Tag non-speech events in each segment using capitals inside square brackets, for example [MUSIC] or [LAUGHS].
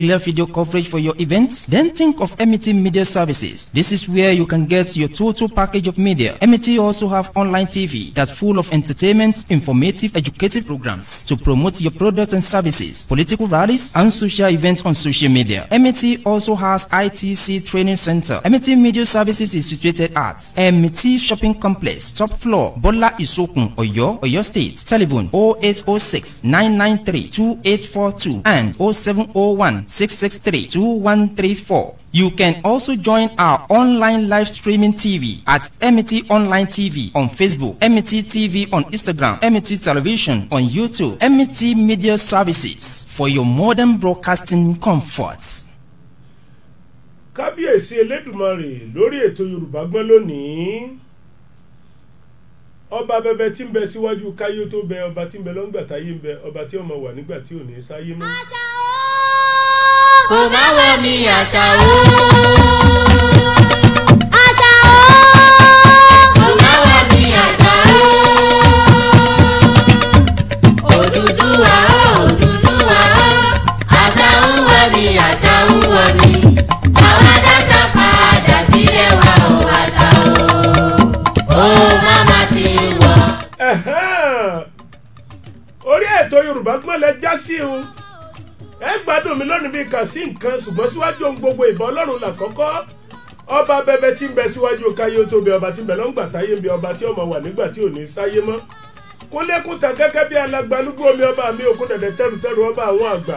clear video coverage for your events? Then think of MET Media Services. This is where you can get your total package of media. MET also have online TV that's full of entertainment, informative, educative programs to promote your products and services, political rallies, and social events on social media. MET also has ITC Training Center. MET Media Services is situated at MET Shopping Complex, top floor, Bola Isokun, Oyo, Oyo State. Telephone 0806 993 2842 and 0701 663 2134. You can also join our online live streaming TV at MET Online TV on Facebook, MET TV on Instagram, MET Television on YouTube, MET Media Services for your modern broadcasting comforts. Kábíyèsí Elédùmarè lórí ètò Yorùbá gbọ́n lónìí ọba bẹbẹ tí ń bẹ síwájú káyé tó bẹ ọba tí ń bẹ lọ́ngbà táyé ń bẹ ọba tí ó máa wà nígbà tí ò ní sáyé mọ́ kò má wọ mi àṣà o. àṣà o. kò má o. Odùduwà Odùduwà àṣà ń wọ mi àṣà ń wọ o àṣà o. ó má má ti wọ. orí ètò Yorùbá Gbọ́n lẹ já sí o ẹ gbádùn mi lónìí bíi kàn sí nǹkan ṣùgbọ́n síwájú ohun gbogbo ìbọn ọlọ́run là kọ́kọ́ ọba bẹbẹ tí ń bẹ síwájú káyé ó tóbi ọba tí ń bẹ lọ́ngbà táyé ń bẹ ọba tí ọmọ wà nígbà tí ò ní sáyé mọ́ kúnlẹ́kúta gẹ́gẹ́ bí alágbálúgbó omi ọba mi òkú dẹ̀dẹ̀ tẹ́rùtẹ́rù ọba àwọn àgbà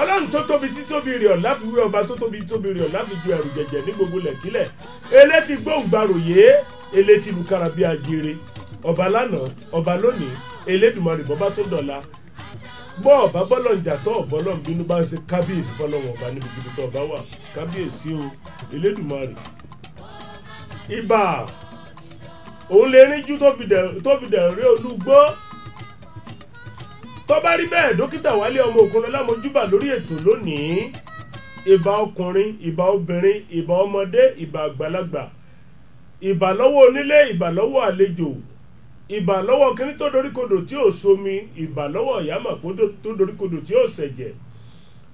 ọlọ́run tó tóbi tí tóbi rẹ̀ ọ̀ láfiwé ọba tó tóbi tóbi rẹ̀ ọ̀ láfijù ẹ̀rù jẹ̀jẹ̀ ní gbogbo lẹ̀kílẹ̀ eléti gbóǹgbàròyé eléti lukara bí ajere ọba lánàá ọba lónìí elédùmarè tó dọ̀la bọ́ ọ̀bá bọ́lọ̀ ń jà tọ́ ọ̀bọ́ lọ́n bínú bá ń ṣe kábíyèsí fọlọ́wọ́ ọ̀bá níbi gidi tó ọ̀bá wà kábíyèsí o elédùmarè ibà òun lè ríjú tó fi dẹ̀rùn rí olúgbó tó bá rí bẹ́ẹ̀ dókítà wálé ọmọ òkunrin lámojúbà lórí ètò lónìí ibà ọkùnrin ibà obìnrin ibà ọmọdé ibà àgbàlagbà ibà lọ́wọ́ onílé ibà lọ́wọ́ àlejò ìbà lọ́wọ́ kínní tó doríkodò tí ò somi ìbà lọ́wọ́ ìyámà tó doríkodò tí ò ṣẹ̀jẹ̀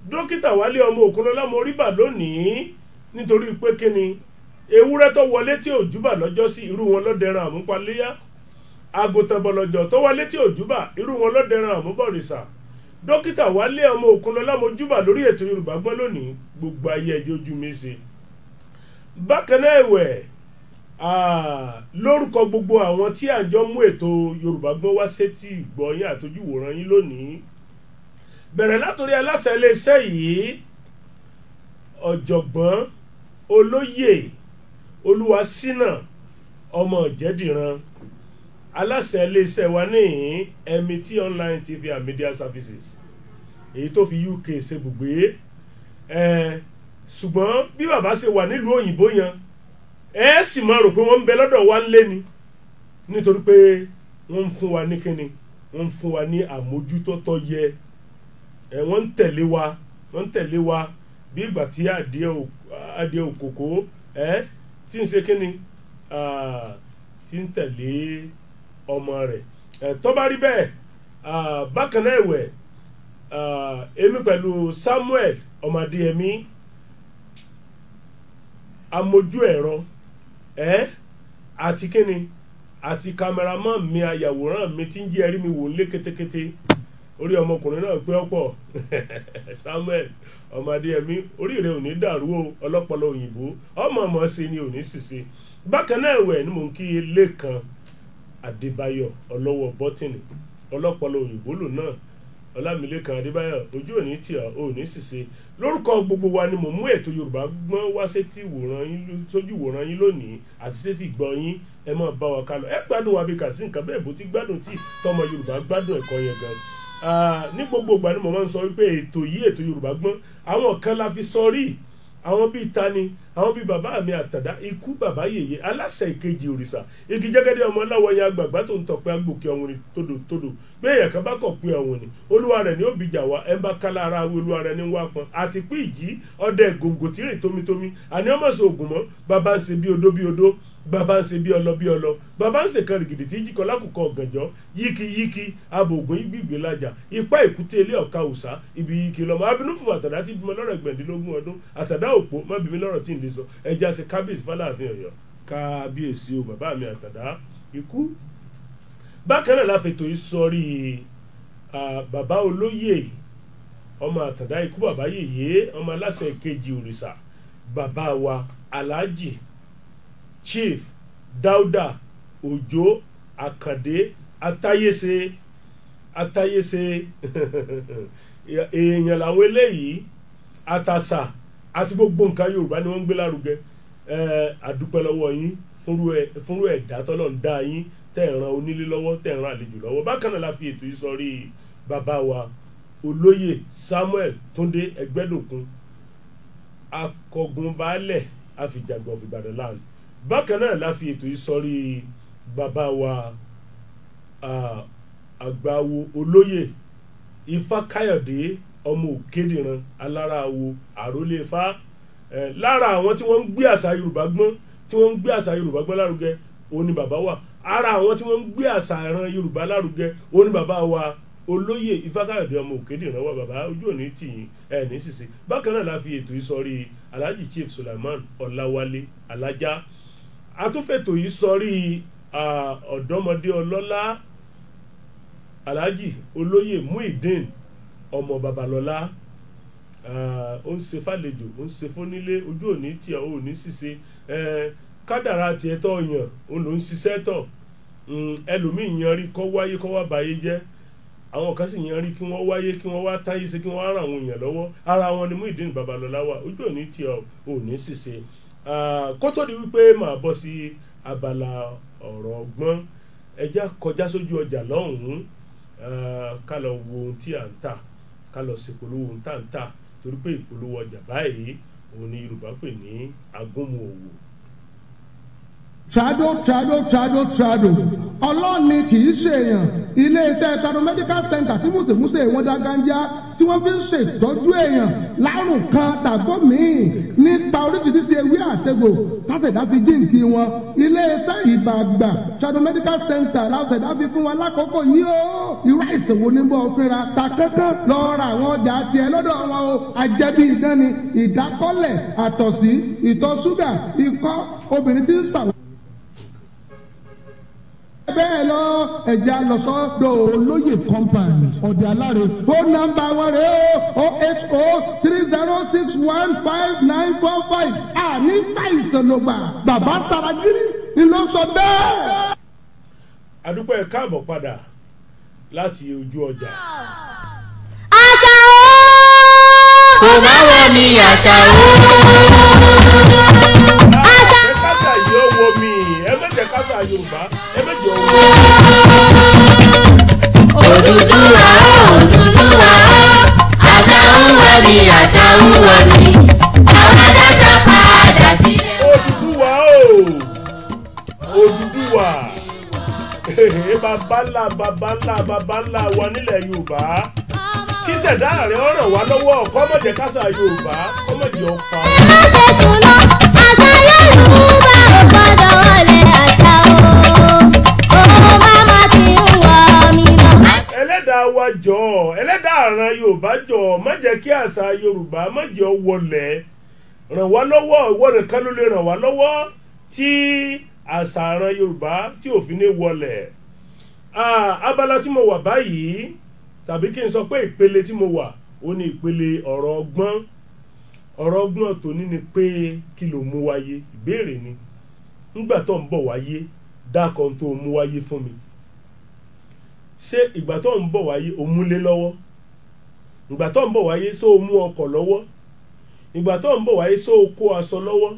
dókítà wálé ọmọ òkunlọ́lá mo rí bà lónìí nítorí pé kínní ewúrẹ́ tó wọlé tí ò júbà lọ́jọ́ sí irú wọn lọ́dẹran àmúpaléyá àgùntàn bọ̀lọ̀jọ̀ tó wọlé tí ò júbà irú wọn lọ́dẹran àmúbọ̀rìṣà dókítà wálé ọmọ òkunlọ́lá mo júbà lórí ètò yorùbá gbọ́n lónìí gbogbo ayé ẹ̀jẹ̀ ojú mi ṣe bákan náà ẹ̀wẹ̀ Ah, lórúkọ gbogbo àwọn tí à ń jọ mú ètò yorùbá gbọ́n wá sétí ìgbọ́yìn àtojúwòrán yín lónìí bẹ̀rẹ̀ látòrí aláṣẹ iléeṣẹ́ yìí ọ̀jọ̀gbọ́n olóyè olúwaṣínà ọmọ ìjẹ́dìran aláṣẹ iléeṣẹ́ wa ní Emity online tv and media services èyí tó fi uk ṣe bùgbé ṣùgbọ́n bí bàbá ṣe wà nílùú òyìnbó yẹn ẹ sì máa rò pé wọ́n ń bẹ lọ́dọ̀ wa ni nítorí pé wọ́n ń fún wa ní kíni wọ́n ń fún wa ní àmójútó yẹ ẹ wọ́n ń tẹ̀lé wa wọ́n ń tẹ̀lé wa bí ìgbà tí adìẹ òkòkò ẹ tí ń ṣe kíni tí ń ọmọ rẹ ẹ bẹ́ẹ̀ bákan náà Samuel ọmọ Adéyẹmí amójú ẹ̀rọ ẹ́ àti kíni àti kameraman mi ayàwòrán mi ti ń jẹ́ ẹ̀rí mi wò ń lé kétékété orí ọmọkùnrin náà gbé ọ̀pọ̀ [LAUGHS] Samuel ọmọdé ẹ̀mí orí rẹ̀ ò ní dàrú o ọlọ́pọlọ òyìnbó ọmọ ọmọ ṣe ni ò ní ṣìṣe bákan náà ẹ̀wẹ̀ ni mò ń kí Lékan Adébáyọ̀ ọlọ́wọ́ bọ́tìnì ọlọ́pọlọ òyìnbó lò náà ọlámilẹ́kan adébáyọ̀ ojú òní tì ọ́ òní ṣìṣe lórúkọ gbogbo wa ni mò ń mú ètò yorùbá gbọ́n wá sétí sójú wòran yín lónìí àti sétí gbọ́ yín ẹ máa bá wa kálọ ẹ gbádùn wa bí kà sí nǹkan bẹ́ẹ̀ bó ti gbádùn tí tọmọ yorùbá gbádùn ẹ̀kọ́ yẹn gan ní gbogbo ìgbà ni mo máa ń sọ wípé ètò yìí ètò yorùbá gbọ́n àwọn kan la fi sọ rí àwọn bíi tani àwọn bíi bàbá mi àtàdá ikú bàbá yèyé aláṣẹ ìkejì òrìṣà igi jẹ́gẹ́dẹ́ ọmọ láwọyé àgbàgbà tó ń tọpẹ́ agbòkè ọ̀hún ni tódòtódò bí èèyàn kan bá kọ̀ pé ọ̀hún ni olúwa rẹ̀ ní òbíjà wa ẹ̀ ń bá kálá ara wo olúwa rẹ̀ ní wá pọn àti pé ìjì ọdẹ gòǹgò tómitómi àní ọmọ sọ ògùn mọ́ bàbá ń ṣe bí odó bí odó baba ń ṣe bí ọlọ bí ọlọ bàbá ń ṣe kan rìgìdì tí jíkọ lákòókò ọ̀gànjọ́ yíkí yíkí aboògùn gbígbé lájà ipá èkúté ilé ọ̀ka òòsà ibi yíkí lọ́mọ abinú fún àtàdá tí bímọ lọ́rọ̀ ẹgbẹ̀ndínlógún ọdún àtàdá òpó má bìí mi lọ́rọ̀ tí ń lè sọ ẹja ṣe kábíyèsí fáláàfin ọ̀yọ́ kábíyèsí o bàbá mi àtàdá ikú bákan náà la fètò yìí sọrí bàbá olóyè ọmọ àtàdá ikú bàbá yèyé ọmọ aláṣẹ kejì wa aláàjì chief dáúdà Ojo àkàndé atayese atayese [LAUGHS] èèyàn làwọn eléyìí atasa àti gbogbo nǹkan yorùbá ni wọ́n ń gbé lárugẹ àdúpẹ́ lọ́wọ́ yín fúnrú ẹ̀dá tọ́lọ̀ ń dá yín tẹ̀ ń ran onílé lọ́wọ́ tẹ̀ ń ran àlejò lọ́wọ́ bákan náà la fi ètò yìí sọrí bàbá wa olóyè samuel túndé ẹgbẹ́dòkun akọgun baálẹ̀ àfìjàgbọ̀n fìgbàdàn láàánú bákan náà la fi ètò yìí bàbá wa àgbàwo olóyè Ifákáyọ̀dé ọmọ Òkèdìran alárawo àrólé Ifá lára àwọn tí wọ́n ń gbé àṣà Yorùbá gbọ́n tí wọ́n ń gbé àṣà Yorùbá gbọ́n lárugẹ òun ni bàbá wa ara àwọn tí wọ́n ń gbé àṣà ìran Yorùbá lárugẹ òun ni bàbá wa olóyè Ifákáyọ̀dé ọmọ Òkèdìran wa bàbá ojú òní tìyìn ẹ ní sísè bákan náà la fi ètò ìsọrí Alhaji Chief Sulaiman Ọláwálé alájá atúfètò yìí sọrí ọ̀dọ́mọdé ọlọ́lá alhaji olóyè muideen ọmọ babalọ́lá ó ń ṣe fàlejò ó ń ṣe fónílé ojú òní tí ó ní ṣíṣe kádàrá tiẹ̀ tọ̀ yàn ó ló ń ṣiṣẹ́ tọ̀ hmm, ẹlòmíì yan rí kọ́ wáyé kọ́ wá báyé jẹ́ àwọn kan sì yan rí kí wọ́n wáyé kí wọ́n wá táyé ṣe kí wọ́n ràn àwọn èèyàn lọ́wọ́ ara wọn ni muideen babalọ́lá wà ojú òní tí ó ní ṣíṣe kó tó di wípé màá bọ́ sí abala ọ̀rọ̀ ọgbọ́n ẹja kọjá sójú ọjà lọ́hùn-ún ká lọ wo ohun tí à ń tà ká lọ ṣèpolówó ohun tá à ń tà torí pé ìpolówó ọjà báyìí òun ni Yorùbá pè ní agúnmu òwò trado trado trado trado ọlọ́ọ̀ni kì í ṣe èèyàn iléeṣẹ́ trado medical center tí mùsèmùsè wọn dá gánjá tí wọ́n fi ń ṣètọ́jú èèyàn lárùn kan tàbó míì nípa oríṣiríṣi ewé àtẹ̀gbò tásẹ̀dá fi jíǹkì wọn iléeṣẹ́ ìbàgbà trado medical center lásẹ̀dá fi fún wa lákòókò yìí o irú àìsàn wo ni bọ́ ọ fínra ta kankan lọ ra àwọn ọjà tiẹ̀ lọ́dọ̀ wọn o àjẹbí ìdánni ìdákọ́lẹ̀ àtọ̀sí ìtọ̀ ṣúgà ikọ́ obìnrin tí ń ṣàwọn bẹ́ẹ̀ lọ ẹ̀jẹ̀ alọ́sọ́dọ̀ olóyè compound ọ̀dẹ̀ aláre Phone number wọn rẹ̀ o oh eight o oh three zero six one five nine four five àní fàìsàn ló gbà bàbá saragiri ni ló sọ bẹ́ẹ̀. adúpẹ́ ẹ̀ káàbọ̀ padà láti ojú ọjà. àṣà o. kò bá wọ mi àṣà ó. àṣà Yorùbá ẹ méjì ọ̀hún. Odùduwà Odùduwà àṣà ń wọ̀ mí àṣà ń wọ̀ mí àwọn adáṣà padà sílẹ̀. Odùduwà o Odùduwà bàbá ńlá bàbá ńlá bàbá ńlá wa nílẹ̀ Yorùbá kí rẹ̀ ọ̀ràn wá lọ́wọ́ kọ́mọ̀jẹ̀ kásà Yorùbá kọ́mọ̀jẹ̀ ọ̀pá. olúwa jọ̀ọ́ ẹlẹ́dàá àràn yorùbá jọ̀ọ́ má jẹ́ kí àṣà yorùbá má jẹ́ ọ wọlẹ̀ ràn wá lọ́wọ́ ìwọ nìkan ló lè ràn wá lọ́wọ́ tí àṣà àràn yorùbá tí òfin ní wọlẹ̀ abala tí mo wà báyìí tàbí kí n sọ pé ìpele tí mo wà ó ní ìpele ọ̀rọ̀ ọgbọ́n ọ̀rọ̀ ọgbọ́n tòní ni pé kí ló mú wáyé ìbéèrè ni nígbà tó ń bọ̀ wáyé dákọ̀ tó mú wáyé fún mi ṣé ìgbà tó ń bọ̀ wáyé o múlé lọ́wọ́ ìgbà tó ń bọ̀ wáyé ṣé o mú ọkọ̀ lọ́wọ́ ìgbà tó ń bọ̀ wáyé ṣé o kó aṣọ lọ́wọ́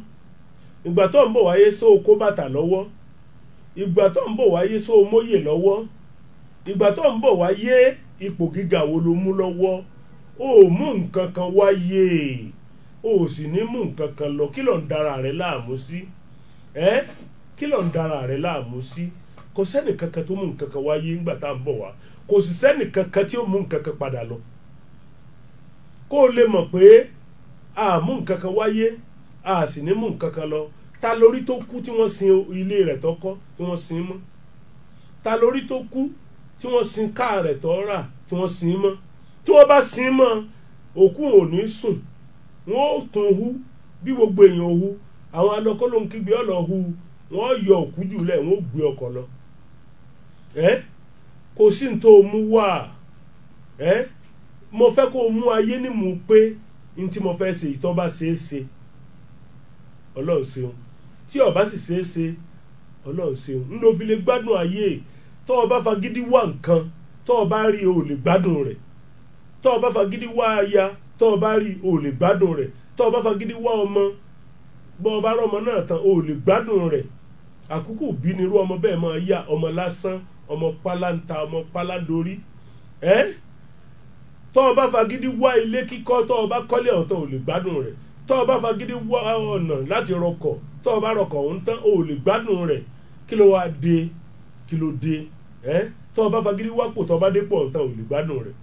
ìgbà tó ń bọ̀ wáyé ṣé o kó bàtà lọ́wọ́ ìgbà tó ń bọ̀ wáyé ṣé o móyè lọ́wọ́ ìgbà tó ń bọ̀ wáyé ipò o ò mú nǹkan o ò sì ní mú nǹkan kan lọ kí dara láàmú sí kí dara láàmú Si? kò sẹ́ni kankan tó mú nǹkan kan wáyé ńgbà tá à ń bọ̀ wá kò sì sẹ́ni kankan tí ó mú nǹkan kan padà lọ kó o lè mọ̀ pé a mú nǹkan kan wáyé a sì ní mú nǹkan kan lọ ta lórí tó kú tí wọ́n sin ilé rẹ̀ tó kọ́ tí wọ́n sin mọ́ ta lórí tó kú tí wọ́n sin káà rẹ̀ tó rà tí wọ́n sin mọ́ tí wọ́n bá sin mọ́ òkú ò ní sùn wọ́n ó tún hu bí gbogbo èèyàn hu àwọn alọ́kọ́ ló ń kígbe ọ̀lọ́ hu wọ́n yọ òkú jùlẹ̀ wọ́n gbé ọkọ̀ lọ. kò sí ní tó mú wá mo fẹ́ kó o ayé ní pé ntí tí mo fẹ́ ṣe ìtọ́ bá tí ọba bá sì ṣe ọlọ́run ṣeun ń lo fi lè gbádùn ayé ọba fagidi wá nǹkan tọ́ rí o lè gbádùn rẹ̀ tọ́ o bá wá aya tọ́ rí o gbádùn rẹ̀ tọ́ wá ọmọ ọmọ náà ọmọ nta ọmọ pálándorí ẹ tọ́ ọ bá fagídí wá ilé kíkọ́ tọ́ ọ bá kọ́lé ọ̀tọ̀ ò lè gbádùn rẹ̀ tọ́ ọ bá fagídí wá ọ̀nà láti rọkọ̀ tọ́ ọ bá rọkọ̀ tán ò lè gbádùn rẹ̀ kí ló wá dé kí ló dé ẹ tọ́ ọ bá fagídí wá pò tọ́ ọ bá dé pò ọ̀tọ̀ ò lè gbádùn rẹ̀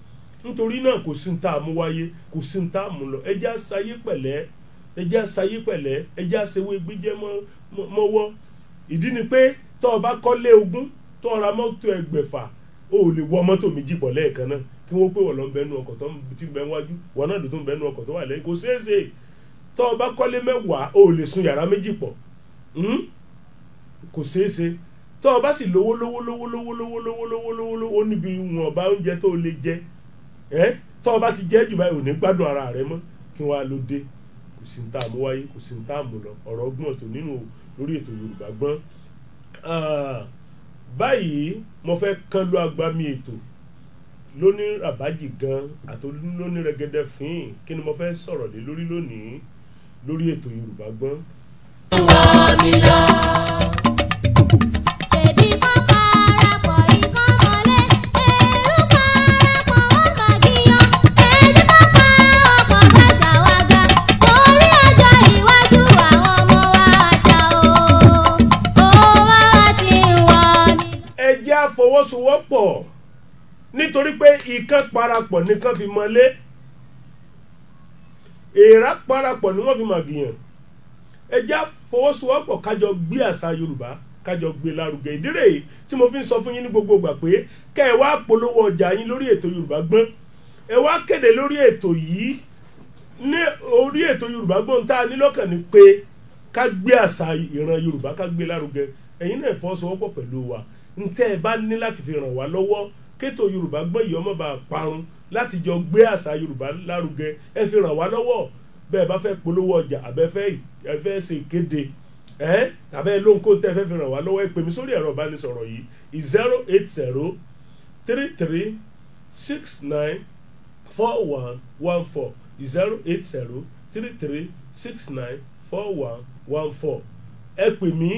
nítorí náà kò sí ní tá a mú wáyé kò sí ní tá a mú lọ ẹ jẹ́ àṣàyé pẹ̀lẹ́ ẹ jẹ́ àṣàyé pẹ̀lẹ́ ẹ jẹ́ àṣewé gbíjẹ́ mọ́wọ́ ìdí ni pé tọ́ ọ kọ́lé ogún tó ń ra mọ́tò ẹgbẹ̀fà o ò lè wọ mọ́tò méjì bọ̀ lẹ́ẹ̀kan náà kí wọ́n pé wọ́n lọ ń bẹ́nu ọkọ̀ tó ti ń bẹ́ wájú wọ́n náà tó ń bẹ́nu ọkọ̀ tó wà lẹ́yìn kò ṣeé ṣe tó o bá kọ́lé mẹ́wàá o ò lè sun yàrá méjì pọ̀ hmm? kò ṣeé ṣe tó o bá sì lówó lówó lówó lówó lówó lówó lówó lówó lówó níbi wọn bá oúnjẹ tó o lè jẹ ẹ tó o bá ti jẹ jù báyìí ò ní gbádùn ara rẹ mọ́ kí wọ́n á ló dé kò sí ní tá a mú wáyé kò sí ní tá a mú lọ ọ̀rọ̀ ọgbọ́n tó nínú lórí ètò Yorùbá Gbọ́n ah báyìí mo fẹ́ kán agba mi ètò lóní rabaji gan àti lóní rẹ̀gẹ̀dẹ̀ fín kí ni mo fẹ́ sọ̀rọ̀ lé lórí lónìí lórí ètò Yorùbá Gbọ́n. wọ́n mi lọ. fọwọ́sowọ́pọ̀ nítorí pé ìkan parapọ̀ nìkan fi mọ́lé èèrà parapọ̀ ni wọ́n fi màgìyàn ẹ já fọwọ́sowọ́pọ̀ kájọ gbé àṣà Yorùbá kájọ gbé e lárugẹ ìdírè tí mo fi ń sọ fún yín ní gbogbo ìgbà pé kẹ́ ẹ wá polówó ọjà yín lórí ètò Yorùbá gbọn ẹ wá kéde lórí ètò yìí ní orí ètò Yorùbá gbọ́n tá a ní lọ́kàn ni pé ká gbé àṣà ìran Yorùbá ká gbé lárugẹ ẹ̀yin náà fọwọ́sowọ́pọ̀ pẹ̀lú wa ntẹ́ ẹ bá ní láti fi ràn wá lọ́wọ́ kétò yorùbá gbọ́n yìí ọmọ bá parun láti jọ gbé àṣà yorùbá lárugẹ ẹ fi ràn wá lọ́wọ́ bẹ́ẹ̀ bá fẹ́ polówó ọjà àbẹ́ fẹ́ ṣe ìkéde ẹ àbẹ́ lóńkó tẹ́ fẹ́ fi ràn wá lọ́wọ́ ẹ pè mí sórí ẹ̀rọ ìbánisọ̀rọ̀ yìí zero eight zero three three six nine four one one four zero eight zero three three six nine four one one four ẹ pè mí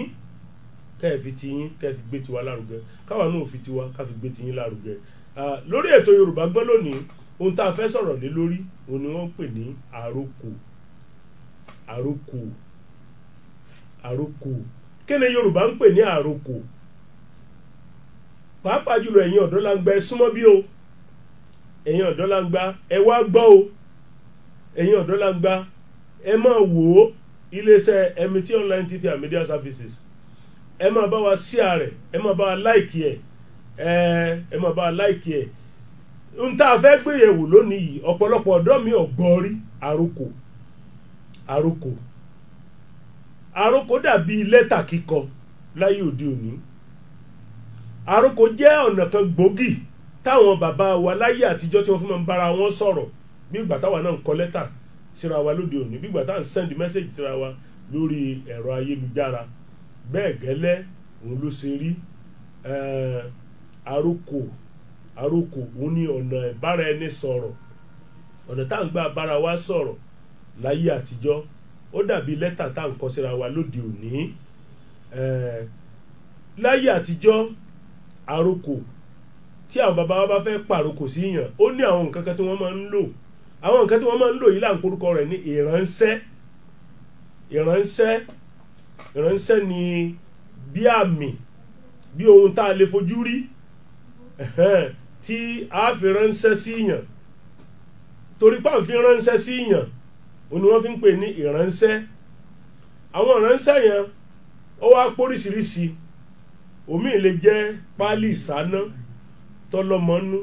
tẹ́ ẹ fi ti yín tẹ́ ẹ fi gbé tiwa lárugẹ káwa náà fi tiwa ká gbé ti lárugẹ lórí ètò Yorùbá gbọ́ lónìí ohun tá a fẹ́ sọ̀rọ̀ lé lórí òun ni wọ́n ń pè ní àròkò àròkò àròkò kí ni Yorùbá ń pè ní àròkò pàápàá jùlọ ẹ̀yin ọ̀dọ́ la ń gba ẹ súnmọ́ bí o ẹ̀yin ọ̀dọ́ ẹ wá gbọ́ o ẹ̀yin ọ̀dọ́ la ń gba ẹ máa wò ó iléeṣẹ́ Emity online tv and media services ẹ máa bá wa sí ààrẹ ẹ máa bá wa láìkì ẹ eh, ẹ máa ba wa láìkì ẹ n tá a fẹ́ lónìí yìí ọ̀pọ̀lọpọ̀ ọ̀dọ́ mi ò gbọ́ rí àròkò dàbí lẹ́tà kíkọ láyé òde òní àròkò jẹ́ ọ̀nà kan gbòógì táwọn baba wa láyé àtijọ́ tí wọ́n fi máa ń bára wọn sọ̀rọ̀ bí ìgbà táwa náà ń kọ lẹ́tà síra wa lóde òní bí ìgbà táwa ń send message síra wa lórí ẹ̀rọ ayélujára bẹ́ẹ̀ gẹ́lẹ́ òun ló ṣe rí àròkò àròkò òun ni ọ̀nà ìbára ẹni sọ̀rọ̀ ọ̀nà tá à ń gbà bára wa sọ̀rọ̀ láyé àtijọ́ ó dàbí lẹ́tà tá à ń kọ síra wa lóde òní láyé àtijọ́ àròkò tí àwọn baba wa bá fẹ́ pàròkò sí yàn ó ní àwọn nǹkan kan tí wọ́n máa ń lò àwọn nǹkan tí wọ́n máa ń lò yìí là ń korúkọ rẹ̀ ní ìránṣẹ́ ìránṣẹ́ ìránṣẹ́ ni bí àmì bí ohun tá a lè fojú rí tí a fi ránṣẹ́ sí yàn torí pé à ń ránṣẹ́ sí yàn òun ni wọ́n fi ń pè ní ìránṣẹ́ àwọn ìránṣẹ́ yẹn ó wá póríṣiríṣi omi lè jẹ́ páálí ìsáná tọlọmọnú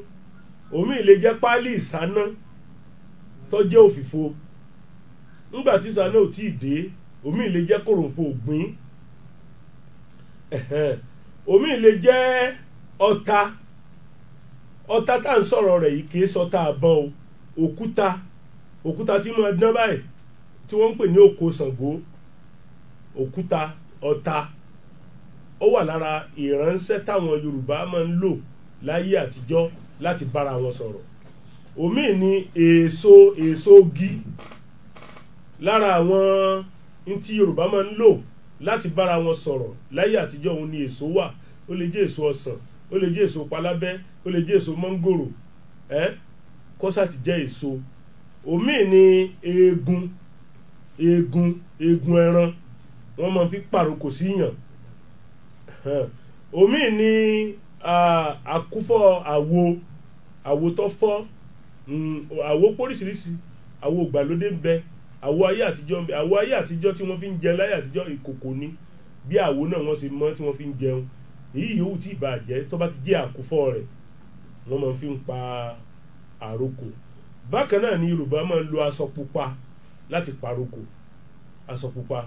omi lè jẹ́ páálí ìsáná tọ́jẹ́ òfìfo nígbà tí ìsáná ò tí dé omi lè jẹ́ kòròfo ògbìn omi lè jẹ́ ọta ọta tá à ń sọ̀rọ̀ rẹ̀ yìí kìí sọta àbọ̀n o òkúta òkúta tí mo dán báyìí tí wọ́n ń pè ní òkò Ṣàngó òkúta ọta ó wà lára ìránṣẹ́ táwọn Yorùbá máa ń lò láyé àtijọ́ láti bára wọn sọ̀rọ̀ omi ni èso èso gi lára àwọn. Wọn n tí yorùbá máa ń lò láti bára wọn sọ̀rọ̀ láyé àtijọ́ òun ni èso wà ó lè jẹ́ èso ọsàn ó lè jẹ́ èso palábẹ́ ó lè jẹ́ èso mọ́ngòrò ẹ́ kọ́sà ti jẹ́ èso òmíì ni eegun eegun eegun ẹran wọ́n máa fi pàrokò síyàn òmíì ni àkúfọ̀ àwo àwo tó fọ́ mm, àwo póríṣiríṣi àwo ìgbàlódé ń bẹ àwo ayé àtijọ́ ń bẹ àwo ayé àtijọ́ tí wọ́n fi ń jẹun láyé àtijọ́ ìkòkò ni bí àwo náà wọ́n ṣe mọ́ tí wọ́n fi ń jẹun èyí yòówù tí ìbá jẹ́ tó bá ti jẹ́ àkúfọ́ rẹ̀ wọ́n máa fi ń pa àrokò bákan náà ni Yorùbá máa ń lo aṣọ pupa láti paroko aṣọ pupa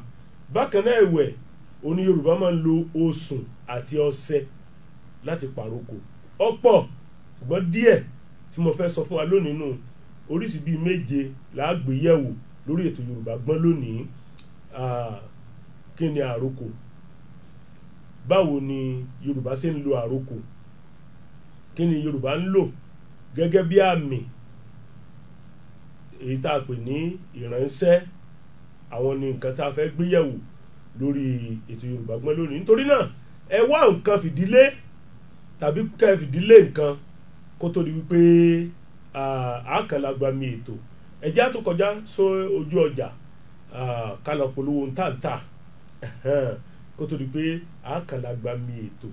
bákan náà ẹ̀wẹ̀ oní Yorùbá máa ń lo osùn àti ọṣẹ láti paroko ọ̀pọ̀ ṣùgbọ́n díẹ̀ tí mo fẹ́ sọ fún wa lónìí nù oríṣi bíi méje làá gbéyẹ̀wò lórí ètò Yorùbá gbọ́n lónìí kí ni àròkò báwo ni Yorùbá ṣe ń lo àròkò kí ni Yorùbá ń lò gẹ́gẹ́ bí àmì èyí tá a pè ní ìránṣẹ́ àwọn ni nǹkan tá a fẹ́ gbéyẹ̀wò lórí ètò Yorùbá gbọ́n lónìí nítorí náà ẹ wá nǹkan fìdílé tàbí kẹ́ fìdílé nǹkan kó tó di wípé àákànlágbá mi ètò ẹjẹ́ àtò kọjá sọ ojú ọjà kálọ̀ polówó ntàntà kó tó di pé àkàlàgbà mi ètò.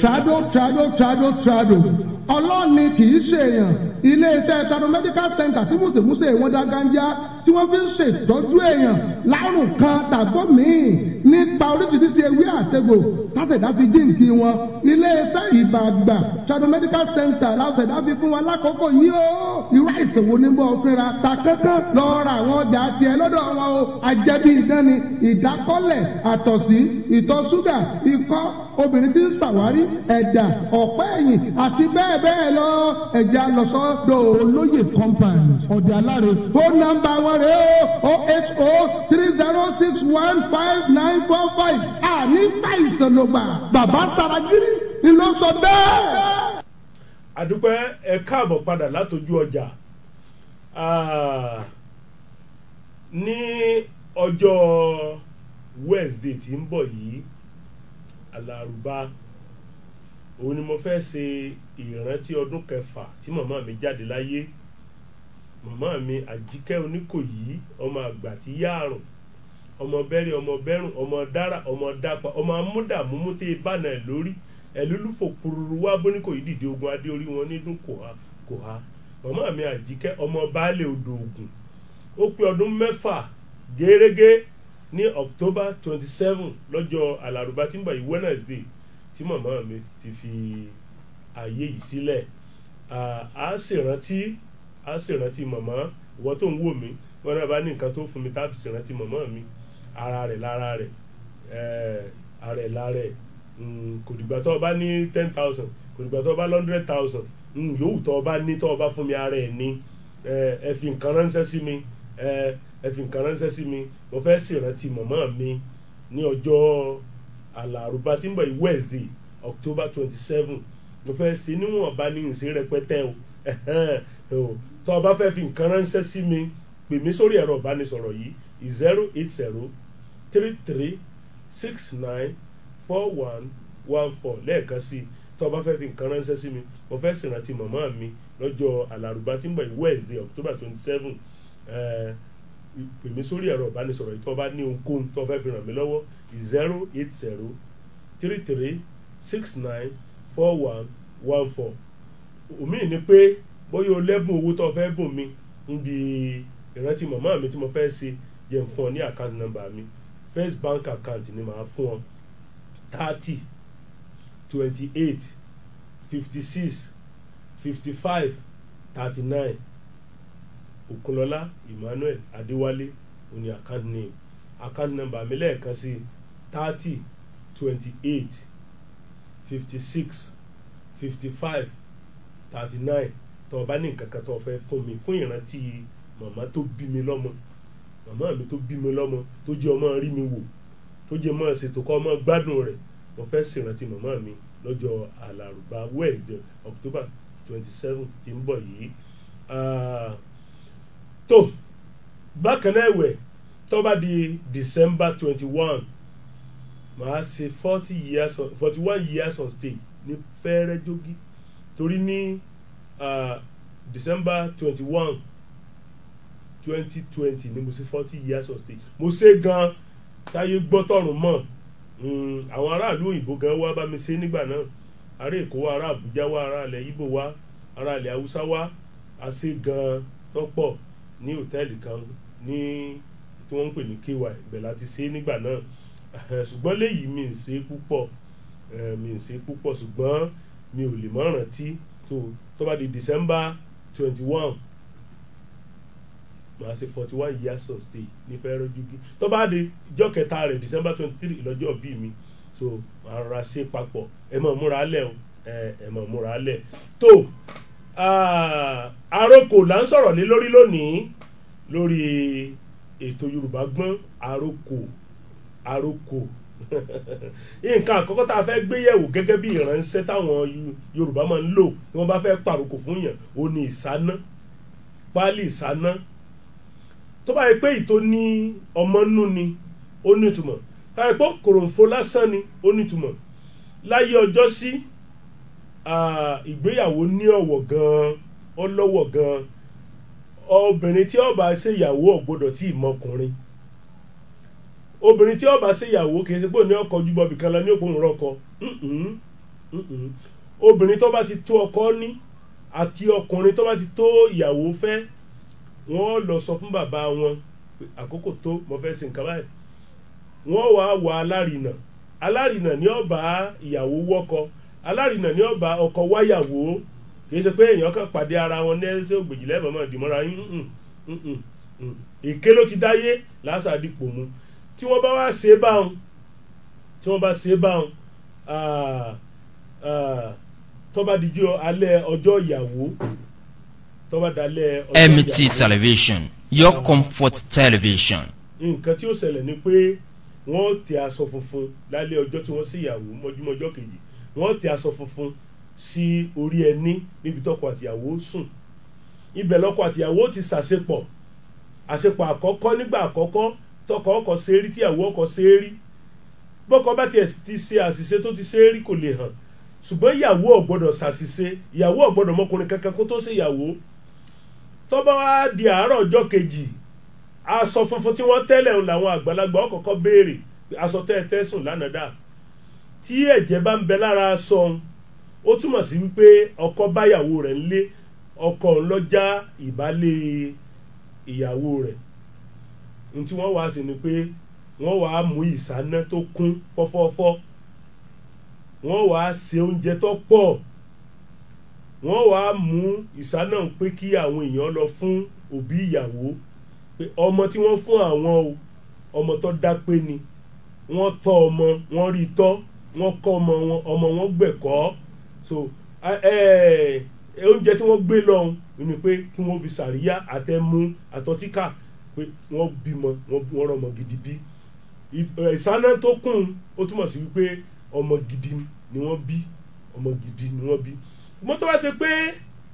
Trado trado trado trado ọlọ́ọ̀ni kì í ṣèèyàn ilé iṣẹ́ Trado Medical Center tí mùsèmùsè wọn dá gánjá tí wọ́n fi ń ṣètọ́jú èèyàn lárùn kan tàbọ̀ míì nípa oríṣiríṣi ewé àtẹ̀gbò tásẹ̀dá fi dínkì wọn iléeṣẹ́ ìbàgbà Chadu medical center lásẹ̀dá fi fún wọn lákòókò yìí o irú àìsàn wo ni bọ́ fínra ta kankan lọ ra àwọn ọjà tiẹ̀ lọ́dọ̀ wọn o àjẹbí ìdánni ìdákọ́lẹ̀ àtọ̀sí ìtọ̀ ṣúgà ikọ́ obìnrin tí ń ṣàwárí ẹ̀dà ọ̀pẹ́ ẹ̀yìn àti bẹ́ẹ̀ bẹ́ẹ̀ lọ ẹ̀jẹ̀ alọ́sọ́dọ̀ olóyè company ọ̀dẹ̀ aláre ó nọ́mbà wọn rẹ̀ o oh eight three zero six one five nine four five àní fàìsàn ló gbà bàbá saragiri ni ló sọ bẹ́ẹ̀. àdúpẹ́ ẹ káàbọ̀ padà látọjú ọjà ní ọjọ́ Wednesday tí ń bọ̀ yìí alárùbá òun ni mo fẹ́ ṣe ìrántí ọdún kẹfà tí màmá mi jáde láyé màmá mi àjíkẹ́ oníkòyí ọmọ àgbà ti yá àrùn ọmọ bẹ́rẹ̀ ọmọ bẹ́rùn ọmọ dára ọmọ dápa ọmọ amúdàmúmú tẹ́ ẹ bánà ẹ̀ lórí ẹ̀ lólùfò kúrúrú wá bóníkòyí dìde ogun adé orí wọn nídùn kò ha kò ha màmá mi àjíkẹ́ ọmọ baálé odò ògùn ó pé ọdún mẹ́fà gẹ́rẹ́gẹ́ ní october twenty seven lọ́jọ́ alárùbá tí ń bọ̀ yìí wednesday tí màmá mi ti fi ààyè yìí sílẹ̀ a sì rántí á sì rántí màmá ìwọ tó ń wò mí wọn náà bá ní nǹkan tó fún mi tá a fi sì rántí màmá mi ara rẹ̀ lára rẹ̀ eh, ara rẹ̀ lára rẹ̀ hmm, kò dìgbà tó o bá ní ten thousand kò dìgbà tó o bá hundred thousand hmm, yòówù tó o bá ní tó o bá fún mi ara ẹ̀ ní eh, ẹ fi nǹkan ránṣẹ́ sí mi eh, ẹ fi nǹkan ránṣẹ́ sí mi mo fẹ́ sì rántí màmá mi ní ọjọ́ àlàrúbá tí ń bọ̀ yìí Wednesday October twenty seven mo fẹ́ ṣe níwọ̀n bá ní ìṣe o [LAUGHS] tó o bá fẹ́ fi nǹkan ránṣẹ́ sí mi pè mí sórí ẹ̀rọ ìbánisọ̀rọ̀ yìí zero eight zero three three six nine four one one four lẹ́ẹ̀kan sí i tó o bá fẹ́ fi nǹkan ránṣẹ́ sí mi mo fẹ́ ṣèrántí màmá mi lọ́jọ́ alárùbá tí ń bọ̀ yìí Wednesday October twenty seven pè mí sórí ẹ̀rọ ìbánisọ̀rọ̀ yìí tó o bá ní ohunkóhun tó o fẹ́ fi ràn mí lọ́wọ́ zero eight zero three three six nine four one one four òmíì ni pé bóyá o lẹ́bùn owó tó fẹ́ bùn mi níbi ìrántí màmá mi tí mo fẹ́ ṣe jẹ́ n fún ọ ní account number mi first bank account ni màá fún ọ thirty twenty eight fifty six fifty five thirty nine Òkúnlọ́lá Emmanuel Adéwálé òní account name account number mi lẹ́ẹ̀kan sí thirty twenty eight fifty six fifty five thirty nine tó o bá ní nǹkan kan tó o fẹ́ fún mi fún ìrántí màmá tó bí mi lọ́mọ màmá mi tó bí mi lọ́mọ tó jẹ́ ọmọ rí mi wò tó jẹ́ mọ́ ṣètò kọ́ ọmọ gbádùn rẹ̀ mo fẹ́ ṣèrántí màmá mi lọ́jọ́ àlàrúbá Wednesday October twenty seven tí ń bọ̀ yìí tó bákan náà ẹ̀wẹ̀ tó bá di December twenty one màá ṣe forty years forty one years on stage ní fẹ́rẹ́ jógí torí ní. Ah, December twenty one twenty twenty ni mo ṣe forty years of stay mo ṣe gan táyé gbọ́ tọ̀run mọ̀ hmm, àwọn aráàlú òyìnbó gan wá bá mi ṣe nígbà náà ará Èkó wa ará Àbújá wa ará ilẹ̀ Ìgbò wa ará ilẹ̀ Haúsá wa a ṣe gan tọ́pọ̀ ní hòtẹ́ẹ̀lì kan ní tí wọ́n ń pè ní ky ibẹ̀ láti ṣe nígbà náà ṣùgbọ́n léyìí mi ń ṣe púpọ̀ mi ń ṣe púpọ̀ ṣùgbọ́n mi ò lè mọ̀ rántí tó tó bá di december twenty one màá ṣe forty one years of stay ní fẹ́rẹ́ jùgí tó bá di ìjọ kẹta rẹ̀ december twenty three lọ́jọ́ bí mi so màá ra ṣe papọ̀ ẹ mọ̀ múra lẹ̀ o ẹ mọ̀ múra lẹ̀ tó àròkò là ń sọ̀rọ̀ lé lórí lónìí lórí ètò Yorùbá gbọ́n àròkò àròkò [LAUGHS] nǹkan àkọ́kọ́ tá a fẹ́ gbé yẹ̀wò gẹ́gẹ́ bí ìránṣẹ́ táwọn Yorùbá máa ń lò tí wọ́n bá fẹ́ pàrokò fún yàn ó ní ìsáná páálí ìsáná tó bá yẹ pé ìtò ní ọmọ nú ni ó ní ìtumọ̀ tá a yẹ pé kòròǹfò lásán ni ó ní ìtumọ̀ láyé ọjọ́ sí ìgbéyàwó ní ọ̀wọ̀ gan-an ọlọ́wọ̀ gan-an obìnrin tí ó bá ṣèyàwó ò tí ì mọkùnrin obìnrin tí ó bá ṣe ìyàwó kì í ṣe pé òní ọkọ jùbọ bìkan lọ ní òpónú rọkọ obìnrin tó bá ti tó ọkọ ní àti ọkùnrin tó bá ti tó ìyàwó fẹ́ wọn lọ sọ fún bàbá wọn pé àkókò tó mo fẹ́ ṣe nǹkan báyìí wọ́n wàá wà alárinà alárinà ni ó ìyàwó wọ́kọ alárinà ni ó ọkọ wáyàwó kì í ṣe pé èèyàn kan pàdé ara wọn ní ẹsẹ ògbèjì lẹ́ẹ̀mọ́mọ́ ìdìmọ́ra yín èké ló ti dáyé lásà dípò mu tí wọ́n bá wá ṣe é báwọn tí wọ́n bá ṣe é báwọn tó bá alẹ́ ọjọ́ ìyàwó tó dalẹ́ ọjọ́ ìyàwó. MT television your comfort television. nǹkan tí ó ṣẹlẹ̀ ni pé wọ́n tẹ aṣọ funfun lálẹ́ ọjọ́ tí wọ́n ṣèyàwó mọ́júmọ́jọ́ kejì wọ́n tẹ aṣọ funfun sí orí ẹní níbi tọkọ àtìyàwó sùn ibẹ̀ lọ́kọ àtìyàwó ti ṣàṣepọ̀ àṣepọ̀ àkọ́kọ́ nígbà àkọ́kọ́ tọkọ ọkọ ṣe rí tíyàwó ọkọ ṣe bọkọ bọ́kọ bá tiẹ̀ ti ṣe àṣìṣe tó ti ṣe kò lè hàn ṣùgbọ́n ìyàwó ọgbọdọ ṣàṣìṣe ìyàwó ọgbọdọ mọkùnrin kankan kó tó ṣe ìyàwó tọba di kejì aṣọ funfun tí ń làwọn àgbàlagbà béèrè aṣọ ẹ lánàá dà tí ọkọ ọkọ n tí wọ́n wá sí ni pé wọ́n wá mú ìsáná tó kún fọ́fọ́fọ́ wọ́n wá ṣe oúnjẹ tó pọ̀ wọ́n wá mú ìsáná pé kí àwọn èèyàn lọ fún òbí ìyàwó pé ọmọ tí wọ́n fún àwọn o ọmọ tó dápé ni wọ́n tọ́ ọmọ wọ́n rí tọ́ wọ́n kọ́ ọmọ wọn ọmọ wọn gbẹ̀kọ́ so oúnjẹ tí wọ́n gbé lọ́hùn ni pé kí wọ́n fi sàríyá àtẹ̀mú àtọ́tíkà pé wọ́n bímọ wọ́n rọmọ gidi bí ìsáná tó kún ó túmọ̀ sí wípé ọmọ gidi ni wọ́n bí ọmọ gidi ni wọ́n bí ṣùgbọ́n tó bá ṣe pé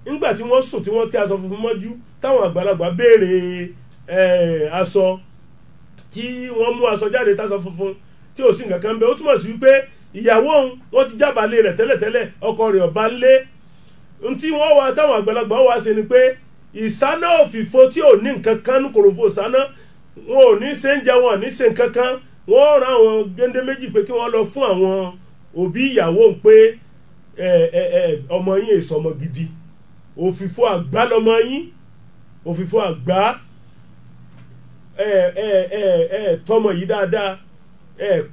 nígbà tí wọ́n sùn tí wọ́n tẹ́ aṣọ funfun mọ́jú táwọn àgbàlagbà béèrè aṣọ tí wọ́n mú aṣọ jáde táṣọ funfun tí ò sí nǹkan kan bẹ́ẹ̀ ó túmọ̀ sí wípé ìyàwó òun wọ́n ti jábàálẹ̀ rẹ̀ tẹ́lẹ̀tẹ́lẹ̀ ọkọ rẹ̀ ọ̀bá ńlé ntí wọ́n wá táwọn àgbàlagbà wá ṣe ni pé ìsáná òfìfo tí ò ní nǹkan kan ní kòròfo ìsáná wọn ò ní ṣe ń jẹ wọn ò ní ṣe nǹkan kan wọn ò rán àwọn géńdé méjì pé kí wọn lọ fún àwọn òbí ìyàwó ń pé ọmọ yín èso ọmọ gidi òfìfo àgbá lọmọ yín òfìfo àgbá tọmọ yìí dáadáa